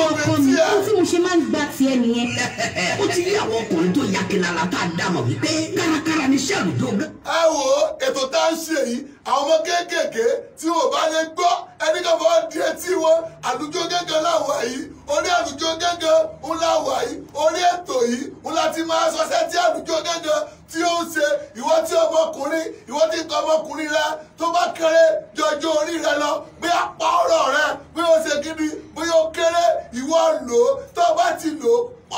fún mi tí mo ṣe máa ń gbà tiẹ̀ nìyẹn. ó ti rí àwọn ọkùnrin tó yakinara tá a dá mọ̀ wípé kárakára ni sẹ́ẹ̀lù ẹ wo ètò tá a ń ṣe yìí àwọn ọmọ kéékèèké tí wọn bá lè gbọ́ ẹni kan fọwọ́ di etí wọn àdújọ gángan láwà yìí orí àdújọ gángan ń láwà yìí orí ètò yìí ń láti máa sọsẹ́ tí àdújọ gángan tí ó ń ṣe ìwọ tí ọmọkùnrin ìwọ tí nǹkan ọmọkùnrin rẹ tó bá kéré jọjọ orí rẹ lọ bí apá ọ̀rọ̀ rẹ bí ó ṣe gidi bí ó kéré ìwọ lò ó tó bá ti lò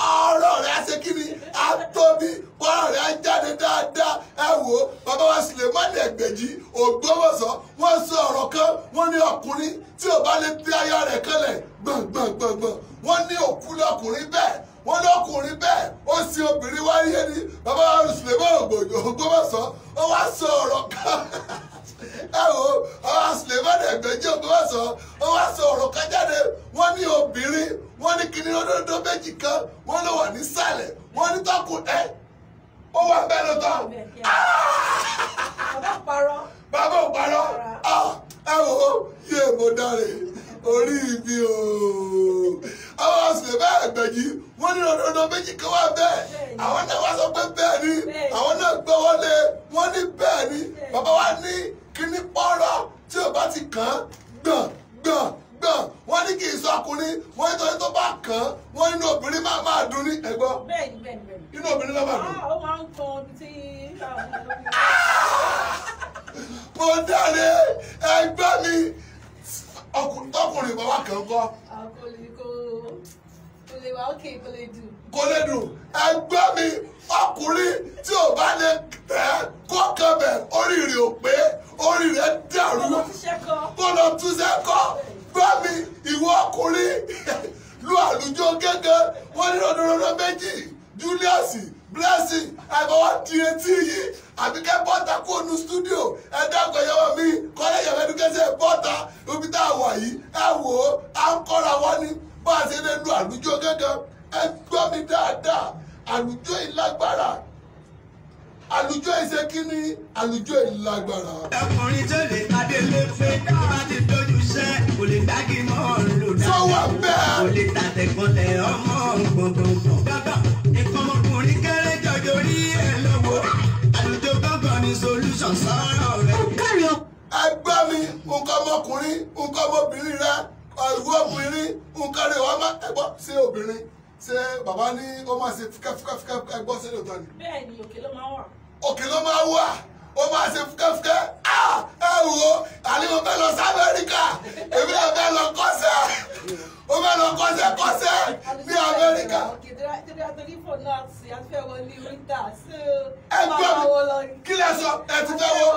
ó ọ̀rọ̀ rẹ̀ á ṣe kí ni á tóbi ọ̀rọ̀ rẹ̀ á jáde dáadáa ẹ wò ó bàbá wa Sulemani Ẹgbẹ̀jì Ògbómọ̀ṣọ́ wọ́n sọ ọ̀rọ̀ kan wọ́n ní ọkùnrin tí ò bá lè dé aya rẹ̀ kanlẹ̀ gbọ̀ngbọ̀ngbọ̀ngbọ̀n wọ́n ní òkú lọkùnrin bẹ́ẹ̀ wọ́n lọkùnrin bẹ́ẹ̀ ó sì obìnrin wáyé ni bàbá wa Sulemani Ògbómọ̀ṣọ́ ó wá sọ ọ̀rọ̀ kan. ẹ wo ọwọ́ Suleiman Ẹgbẹ́jì ọgbọ́n wá sọ ọ wá sọ ọ̀rọ̀ kan jáde wọ́n ní obìnrin wọ́n ní kíní ọdọ́dọ́ méjì kan wọ́n ló wà nísàlẹ̀ wọ́n ní tọ́kù ẹ ó wà bẹ́ẹ̀ ló tọ́ bàbá ò parọ́ ah, ẹ wo yé mo dáre orí ibi ooo ọwọ́ Suleiman Ẹgbẹ́jì wọ́n ní ọdọ́dọ́ méjì kan wà bẹ́ẹ̀ àwọn náà wá sọ pé bẹ́ẹ̀ ni wọ́n ní bẹ́ẹ̀ ni bàbá wa ní kíní pọ́nrọ́ tí o bá ti kàn án gbọ̀n gbọ̀n gbọ̀n wọ́n ní kì í sọ ọkùnrin wọ́n ní tọ́jú tó bá kàn án wọ́n inú obìnrin máa máa dùn ní ẹ̀gbọ́ inú obìnrin máa máa dùn. Ah, ah! mo dáre ẹgbẹ́ mi ọkùnrin bàbá kan kọ́. Ah, kò lè kò lè wá òkè kò lè dùn kò lè dùn ẹgbẹ́ mi ọkùnrin tí ò bá lè tẹ́ kọ́kàn bẹ̀ orí rẹ̀ ò pé orí dàrú kó lọ túnṣẹ́ kọ́ gbọ́ mi ìwọ ọkùnrin lu àlùjọ gẹ́gẹ́ wọ́n ní rọ́dọ́rọ́dọ́ méjì Julius blessing àìbọ̀wọ́ di etí yìí àbíkẹ́ bọ́ta kó nu studio ẹ dẹ́kun ẹ̀yọ́wọ́ mi college of education bọ́ta ibi tá a wà yìí ẹ wò ó à ń kọ́ra wọ́n ní bá a ṣe lè lu àlùjọ gẹ́gẹ́ ẹ gbọ́ mi dáadáa àlùjọ ìlágbára àlùjọ ìṣe kínní àlùjọ ìlágbára. ọkùnrin tó lè pàdé lé pé bá ti dojú iṣẹ́ kò lè dági mọ́ ọ̀run dáadáa. kò lè tàtẹ̀kọ́lẹ̀ ọmọ gbọ̀ngbọ̀ngbọ̀n. bàbá ìkọ́ ọmọkùnrin kéré jọjọ rí ẹ lọ́wọ́ àlùjọ gbọ̀ngàn ni solution sọ̀rọ̀ rẹ̀. ẹ gbọ́ mi nǹkan ọmọkùnrin nǹkan ọmọbìnrin rẹ ọ̀rùn obìnrin nǹkan rẹ̀ wọ́n má ẹ̀gbọ́n sí obìnrin ṣé bàbá ní ó máa ṣe fúkàfúkàfúkà ẹgbọ́n sílẹ̀ òtọ́ ni. bẹ́ẹ̀ ni òkè ló máa wà. òkè ló máa wà ó máa ṣe fúkẹ́fúkẹ́ ah, ẹ wo àlejò fẹ́ lọ sí amẹ́ríkà èmi náà fẹ́ lọ kọ́sẹ̀ ó fẹ́ lọ kọ́sẹ̀ kọ́sẹ̀ ní amẹ́ríkà. ẹ gbọ́ mi kí lẹ sọ ẹ ti fẹ́ wọ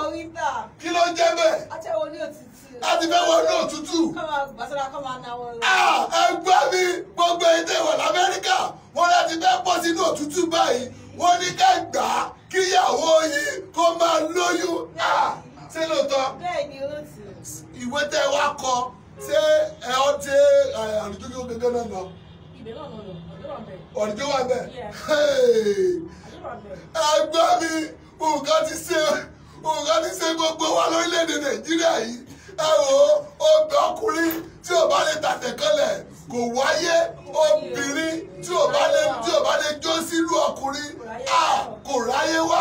kí ló ń jẹ́ bẹ́ẹ̀ láti fẹ́ wọ ní òtútù. Ah, ẹ gbọ́ mi gbogbo èdè wọ̀ lamẹ́ríkà wọ́n láti fẹ́ bọ́ sínú òtútù báyìí wọ́n ní ká gbà á kíyàwó yìí kó máa lóyún ṣé lóòótọ́ ìwé tẹ́ wá kọ ṣé ẹ ọ́ ti àrùjọ kí ó gẹ́gẹ́ náà lọ. ọ̀rùjọ wà bẹ́ẹ̀ ẹgbẹ́ mi nǹkan ti ṣe nǹkan ti ṣe gbogbo wa lórílẹ̀‐èdè nàìjíríà yìí ẹ wò ó ọkùnrin tí ò bá lè tàtẹ̀ kọ́lẹ̀ kò wáyé obìnrin tí ò bá lè tí ò bá lè jó sílùú ọkùnrin a kò ráyé wá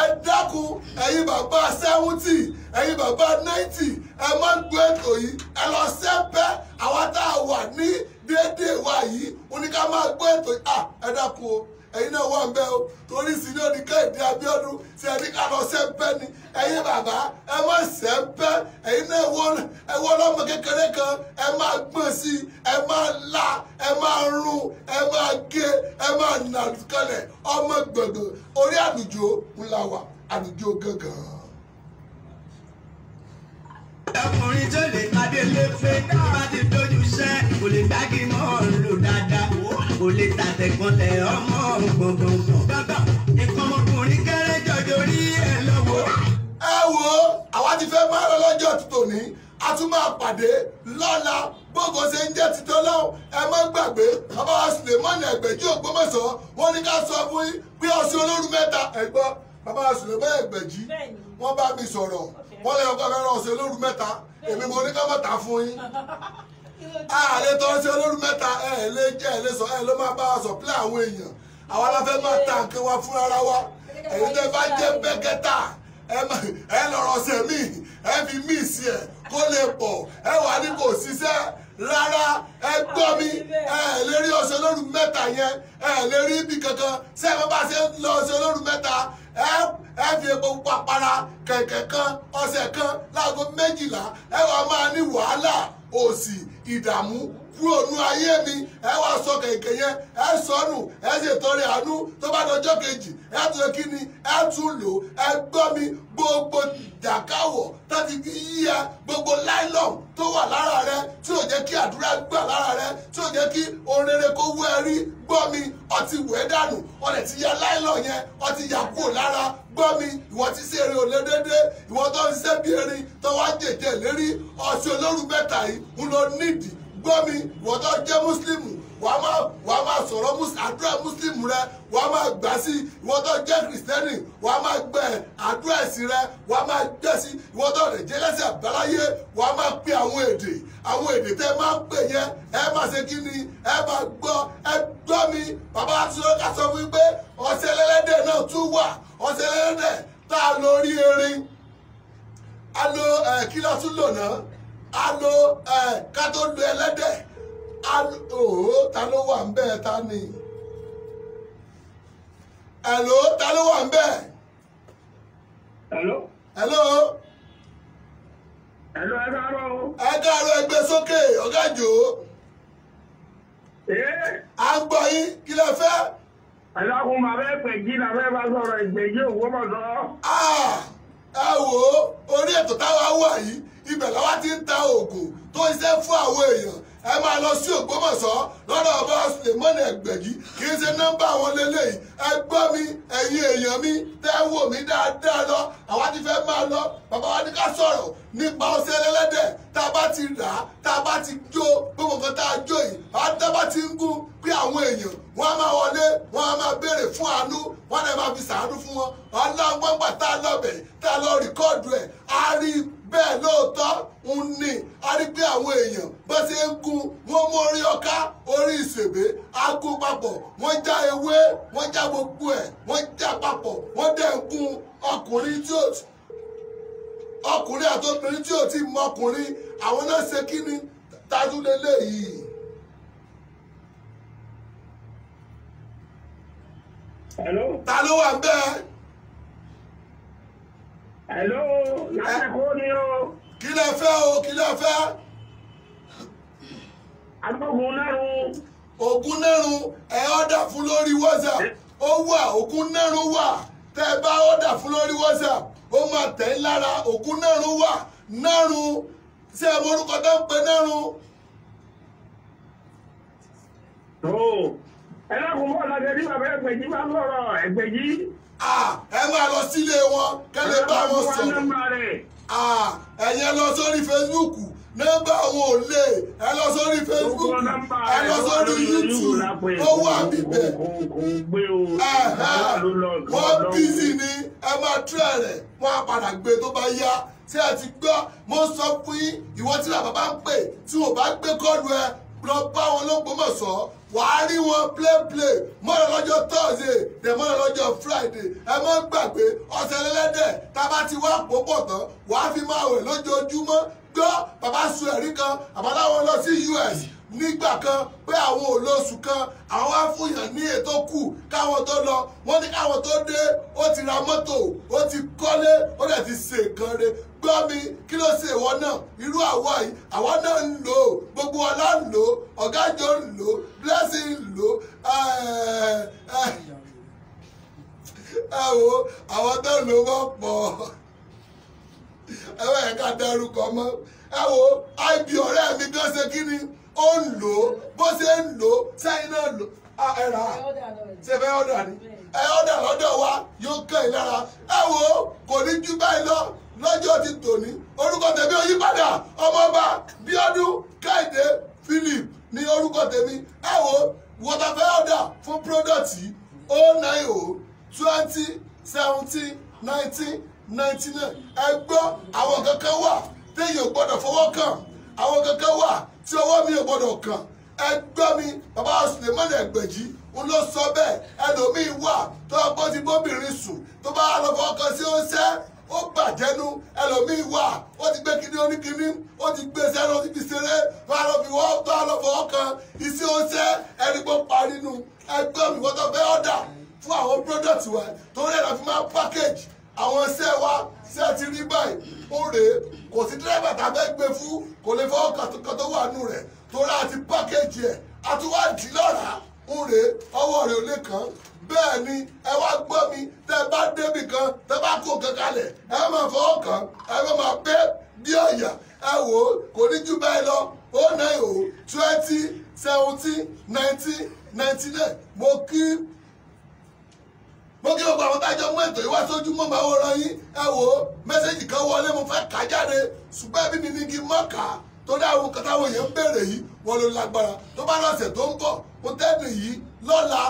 ẹ dákun ẹ̀yin bàbá sẹ́wùntì ẹ̀yin bàbá náìtì ẹ má gbé ètò yìí ẹ lọ sẹ́pẹ́ àwa tá a wà ní déédéé wa yìí oníkà máa gbé ètò yìí a ẹ dákun o ẹ̀yin náà wà bẹ́ẹ̀ o torí sí ní oníkẹ́hìndé Abíọ́dún tí ẹni ká lọ sẹ́ńpẹ́ ni ẹ̀yin bàbá ẹ má sẹ́ńpẹ́ ẹ̀yin náà ẹwọ́ ọlọ́mọ kékeré kan ẹ máa gbọ̀n sí i ẹ máa la ẹ máa rún ẹ máa gé ẹ máa nà kalẹ̀ ọmọ gbọ̀ngàn orí àlùjọ ńlá wa àlùjọ gángan. ọkùnrin tó lè pàdé lè fẹ́ bá ti dojú iṣẹ́ kò lè dági mọ́ kò lè tàtẹ̀gbọ́ntẹ̀ ọmọ gbọ̀ngbọ̀ngbọ̀n. bàbá nǹkan ọmọkùnrin kéré jọjọ rí ẹ lọ́wọ́. ẹ wo àwa ti fẹ́ bá rẹ lọ́jọ́ tòní a tún máa pàdé lọ́la gbogbo ṣe ń jẹ́ titọ́ lọ́wọ́ ẹ má gbàgbé bàbá wa sì lè mọ́nà ẹgbẹ̀jì Ògbómọ̀ṣọ́ wọ́n ní ká sọ fún yín pé ọ̀sùn olóru mẹ́ta ẹ̀gbọ́n bàbá wa sì lè mọ́ ẹgbẹ̀jì wọ́n bá mi sọ̀rọ̀ wọ́n lẹ́yìn ọgbà fẹ́ràn ọ̀sùn olóru mẹ́ta èmi mo ní ká mọ̀ ta fún yín. ààrẹ tó ń ṣe olórí mẹ́ta ẹ̀ lè jẹ́ ẹ̀ lè sọ ẹ̀ ló máa bá wa sọ̀pẹ́ àwọn èèyàn àwa la fẹ́ máa ta nǹkan wa fúnra ara wa èyí tẹ́ bá jẹ́ bẹ́kẹ́tà ẹ lọ́rọ̀ ṣe mí ẹ fi mí sí ẹ kó lè pọ̀ ẹ wà ní kò ṣiṣẹ́ rárá ẹ gbọ́ mi ẹ lè rí ọ̀sẹ̀ olórí mẹ́ta yẹn ẹ lè rí ibi kankan ṣé ẹ bá ṣe lọ ọ̀sẹ̀ olórí mẹ́ta ẹ fi epo pupa para kẹ̀kẹ́ kan ọ̀sẹ̀ kan láago méjìlá ẹ wà máa ní wàhálà òṣì ìdààmú kúrò ní ayé mi ẹ wá sọ kẹ̀kẹ́ ẹ sọnù ẹ sì tọrẹ àánú tó bá dọjọ́ kejì ẹ tún lè kí ni ẹ tún lò ẹ gbọ́ mi gbogbo ìdàkáwọ̀ láti fi yí gbogbo láìlọ́n tó wà lára rẹ tí ò jẹ́ kí àdúrà gbà lára rẹ tí ò jẹ́ kí orin rere kó wú ẹ rí gbọ́ mi ọ ti wẹ̀ dànù ọ ti ya láìlọ̀ yẹn ọ ti yà kúrò lára gbọ́ mi ìwọ ti ṣe eré olédédé ìwọ tó ń ṣe bí erin tó wá jẹjẹ lérí ọ̀sẹ̀ olórí mẹ́ta yìí ń lọ nídìí gbọ́ ìwọ tó jẹ́ mùsùlùmù wàá máa wàá máa sọ̀rọ̀ àdúrà mùsùlùmù rẹ wàá máa gbà sí ìwọ tó jẹ́ kìrìsìtẹ́nì wàá máa gbẹ àdúrà ẹ̀sìn rẹ wàá máa gbẹ sí ìwọ tó rẹ̀ jẹ́ lẹ́sẹ̀ àbáláyé wàá máa pe àwọn èdè àwọn èdè tẹ́ máa ń pè yẹn ẹ máa ṣe kí ni ẹ máa gbọ́ ẹ gbọ́ mi bàbá àtúnṣe sọ fún mi pé ọṣẹ lẹ́lẹ́dẹ̀ náà tún wà ọṣẹ lẹ́lẹ́dẹ̀ tá a lọ rí erin a lo kí lọ́ọ́ tún lò náà a lo ká tó lo ẹlẹ́dẹ̀ Hello, ta ló wà ń bẹ́ẹ̀ ta ni hello, ta ló wà ń bẹ́ẹ̀. hello. hello. hello ẹ káàárọ̀ o. ẹ káàárọ̀ ẹgbẹ́ sókè ọ̀gá jò. à ń gbọ́ yín kí lẹ fẹ́. ẹlọ́kùn bàbá ẹgbẹ̀jì làbẹ́ bá sọ̀rọ̀ ẹgbẹ̀jì òwòmọ̀tọ́. ẹ wò ó orí ètò táwa wà yìí ibẹ̀ làwa ti ń ta oògùn tó ń ṣe fún àwọn èèyàn ẹ máa lọ sí Ògbómọ̀ṣọ́ lọ́dọ̀ ọba Sulemani Ẹgbẹ̀gí kì í ṣe nọ́mbà àwọn lélẹ́yìí ẹ gbọ́ mi ẹ̀yin èèyàn mi tẹ́ ẹ wò mí dáadáa lọ àwa ti fẹ́ máa lọ bàbá wa ní ká sọ̀rọ̀ nípa ọṣẹ ẹlẹ́lẹ́dẹ̀ tá a bá ti rà á tá a bá ti jó gbogbo nǹkan tá a jó yìí àwa tá a bá ti ń gún bí àwọn èèyàn wọ́n á máa wọlé papọ̀ wọ́n já ewé wọ́n já gbogbo ẹ̀ wọ́n já papọ̀ wọ́n dẹ̀ ọkùnrin tí ó ọkùnrin àti tí ò ti mọ ọkùnrin àwọn náà ṣe kí ni tájú lélẹ́yìí. Hello. ta ló wà ń bẹ́ẹ̀. Hello, látàkó ni o. kí lẹ fẹ́ o kí lẹ fẹ́. agbóhùn náà o. Ògúnnárùn ẹ ọ́dà fún lórí WhatsApp ó wà Ògúnnárùn wà tẹ́ ẹ bá ọ́dà fún lórí WhatsApp ó máa tẹ̀ ń lára Ògúnnárùn wà nárùn ṣé ẹ morúkọ tó ń pe nárùn. ẹ lọ́kùn bọ́ọ̀lù ọ̀dẹ bí bàbá ẹgbẹ̀jì bá ń lọ́rọ̀ ẹgbẹ̀jì. ẹ máa lọ sílé wọn kẹ́lẹ́ bá wọn sọ̀rọ̀ ẹ̀yẹ lọ sórí Facebook nọ́mbà wọn le, lè ẹ lọ sórí Facebook ẹ lọ sórí YouTube ó wà bíbẹ̀ wọ́n bízì ni ẹ máa tẹ́ rẹ̀ wọ́n á padà gbé tó bá yá tí ẹ ti gbọ́ mo sọ fún yín ìwọ tí bàbá bá ń pè tí ò bá gbé kọ́ọ̀lù ẹ lọ bá wọn lÓgbómọ̀ṣọ́ wàá rí wọn play play mọ́ra lọ́jọ́ thursday dẹ̀ mọ́ra lọ́jọ́ friday ẹ mọ́ gbàgbé ọ̀sẹ̀ lẹ́lẹ́dẹ̀ tá a bá ti wá pòpọ̀ tán wàá fi máa wẹ̀ lójoojúmọ́ gbọ́ bàbá sun ẹ̀rí kan àbáláwọn lọ sí US nígbà kan pé àwọn olóṣù kan àwọn wá fúnyàn ní ètò kù káwọn tó lọ wọ́n ní káwọn tó dé ó ti ra mọ́tò ó ti kọ́lé ó dẹ̀ ti ṣe nǹkan re gbọ́ mi kí ló ṣe ìwọ náà irú àwa yìí àwa náà ń lò ó gbogbo ọlá ń lò ó ọ̀gájọ ń lò ó blessing ń lò ó eh, eh, ẹ wo àwọn tó lò ó wọ́n pọ̀ sọ̀rọ̀ mọ́ ẹ wo ibi ọ̀rẹ́ mi gan ṣe kí ni ó ń lò ó bó ṣe ń lò ó sẹ́yìn náà lò ó ẹ rà á ṣe fẹ́ ọ̀dà ni ẹ ọ̀dà lọ́dọ̀ wa yóò kàn yín lára ẹ wo kò ní ju báyìí lọ lọ́jọ́ ti tòní orúkọ tèmi ò yí padà ọmọọba Bíọ́dún Philip ní orúkọ tèmi ẹ wo wọ́tàfẹ́ ọ̀dà fún pírọ́dọ̀tì ó náà yòó twenty seventeen nineteen nineteen. nine ẹ gbọ́ àwọn kankan wà téèyàn ò gbọ́dọ̀ fọwọ́ kàn àwọn kankan wà tí ọwọ́ mi ò gbọ́dọ̀ kàn ẹ gbọ́ mi bàbá Suleiman Ẹgbẹ̀jì ń lọ sọ bẹ́ẹ̀ ẹlòmíín wà tó ọgbọ́ ti bóbìnrin sùn tó bá lọ fọwọ́ kàn sí oúnjẹ ó bàjẹ́nu ẹlòmíín wà ó ti gbé kíní oníkíní ó ti gbé sẹ́nu ó ti fi ṣeré tó a lọ fi wọ́n tó a lọ fọwọ́ kàn iṣẹ́ oúnjẹ ẹni gbọ́ parí nu ẹgbẹ́ mi wọ́n tó fẹ́ ọ̀dà fún àwọn product wa torí ẹ̀ la fi máa package àwọn iṣẹ́ wa ṣé ẹ ti rí báyìí ó rèé kò sí dírẹ́bà tá a fẹ́ gbé fún kò lè fọwọ́ kan tó wà nù rẹ̀ torí àti pákéjì ẹ̀ àtúwádìí lọ́ra ń rèé ọwọ́ rẹ̀ ò lè kàn bẹ́ẹ̀ ni ẹ wá gbọ́ mi tẹ́ bá débi kan tẹ́ bá kó kan kalẹ̀ ẹ máa fọwọ́ kàn ẹ máa pé bí ọ̀yà ẹ wò ó kò ní jù báyìí lọ ó náà yòó oh twenty seventeen nineteen ninety nine mo kí mo kí gbogbo àwọn tájọ mú ètò ìwá sójú mọ́ máa wọ́n yín ẹ wò ó mẹ́sẹ̀gì kan wọlé mo fẹ́ kà jáde ṣùgbọ́n ẹbí mi ní kí n mọ́ kà á torí àwọn kan táwọn ń béèrè yìí wọ́n ló lágbára tó bá lọ́sẹ̀ tó ń bọ̀ mo tẹ́nì yìí lọ́la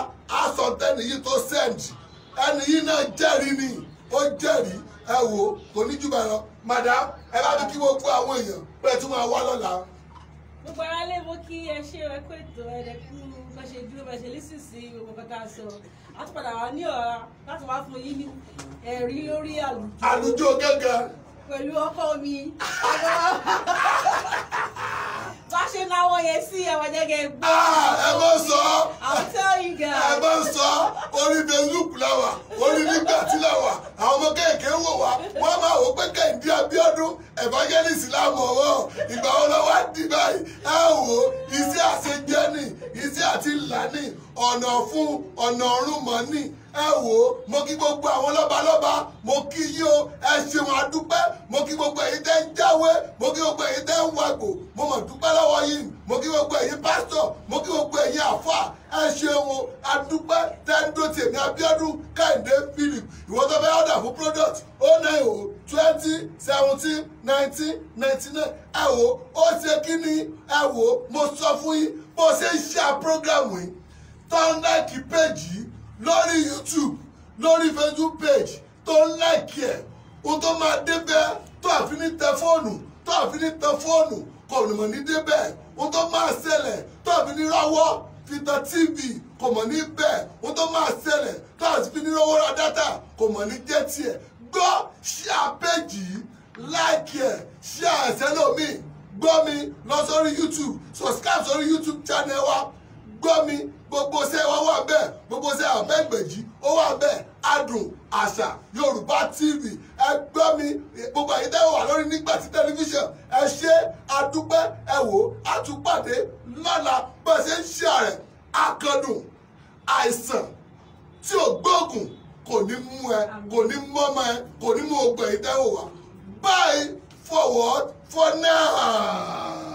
aṣọ tẹ́nì yìí tó send ẹni yìí náà jẹ́rìí ni ó jẹ́rìí ẹ wò ó kò ní jù bẹ́ẹ̀ lọ madam ẹ bá mi kí gbogbo àwọn èèyàn pẹ̀lú tí wọ́n wá lọ́la gbogbo ara lè mú kí ẹ ṣe ẹ kó ètò ẹ̀ẹ́dẹ́kú bá ṣe dúró bá ṣe lísìn sí gbogbo bàtà sọ àtúpadà wá ní ọ̀rá láti wá fún yín ní ẹ̀rí lórí àlùjọ. àlùjọ gángan. pẹ̀lú ọkọ mi bá ṣe náwó yẹn sí àwọn jẹ́gẹ́ gbọ́. Ah, ẹ bá sọ. àwọn tẹ́lẹ̀ yìí gan. ẹ bá sọ orí facebook làwà orí nígbàtí làwà àwọn ọmọ kéèké wò wá wọ́n máa wò pé kẹ́hìndé abíọ́dún evangelist làwọn ọ̀wọ́ ìgbà wọn lọ́wọ́ dì báyìí ẹ wò iṣẹ́ àṣejẹ ni iṣẹ́ àti ńlá ni ọ̀nà fún ọ̀nà ọ̀run mọ́ ni ẹ wò ó mo kí gbogbo àwọn lọ́balọ́ba mo kí yín o ẹ ṣeun adúpẹ́ mo kí gbogbo èyí tẹ́ ń jáwé mo kí gbogbo èyí tẹ́ ń wagbò mo mọ̀ dúpẹ́ lọ́wọ́ yìí mo kí gbogbo ẹ̀yin pásítọ̀ mo kí gbogbo ẹ̀yin àfà ẹ ṣeun adúpẹ́ tẹ́ńdó tèmi Abíọ́dún Kẹ́hìndé Philip ìwọ tó fẹ́ ọ̀dà fún product ó náà o twenty seventeen nineteen ninety nine ẹ wò ó ṣe kí ni ẹ wò mo sọ fún yín bó ṣe ń ṣe àpọ́gàmù yìí tó ń péjì lórí YouTube lórí Facebook page tó ń láìkì ẹ̀ o tó máa débẹ̀ tó àfi ní tẹ fóònù tó àfi ní tẹ fóònù kò ní mọ̀ ní débẹ̀ ohun tó máa ṣẹlẹ̀ tọ́ọ̀bì nírọ́wọ́ fi tan tv kò mọ̀ ní bẹ́ẹ̀ ohun tó máa ṣẹlẹ̀ tọ́ọ̀bì fi nírọ́wọ́ ra dátà kò mọ̀ ní jẹ́ tiẹ̀ gbọ́ ṣí àpèjì láìkì ẹ̀ ṣí àṣẹ lómi gbọ́ mi lọ sórí youtube subscribe sórí youtube channel wa gbọ́ mi gbogbo ṣe wọn wà bẹ́ẹ̀ gbogbo ṣe àmẹgbẹjì ó wà bẹ́ẹ̀ adùn àṣà yorùbá tv ẹ gbọ́ mi gbogbo àyè tẹ́ wà lórí Nígbàtí tẹlifíṣàn ẹ ṣe adúpẹ́ ẹ wò á tún pàdé lọ́la bá a ṣe ń ṣe ààrẹ akandùn àìsàn tí ò gbóògùn kò ní mú ẹ kò ní mọ́mọ́ ẹ kò ní mú ogun ẹ̀yìn tẹ́ wò wá bye forward for now.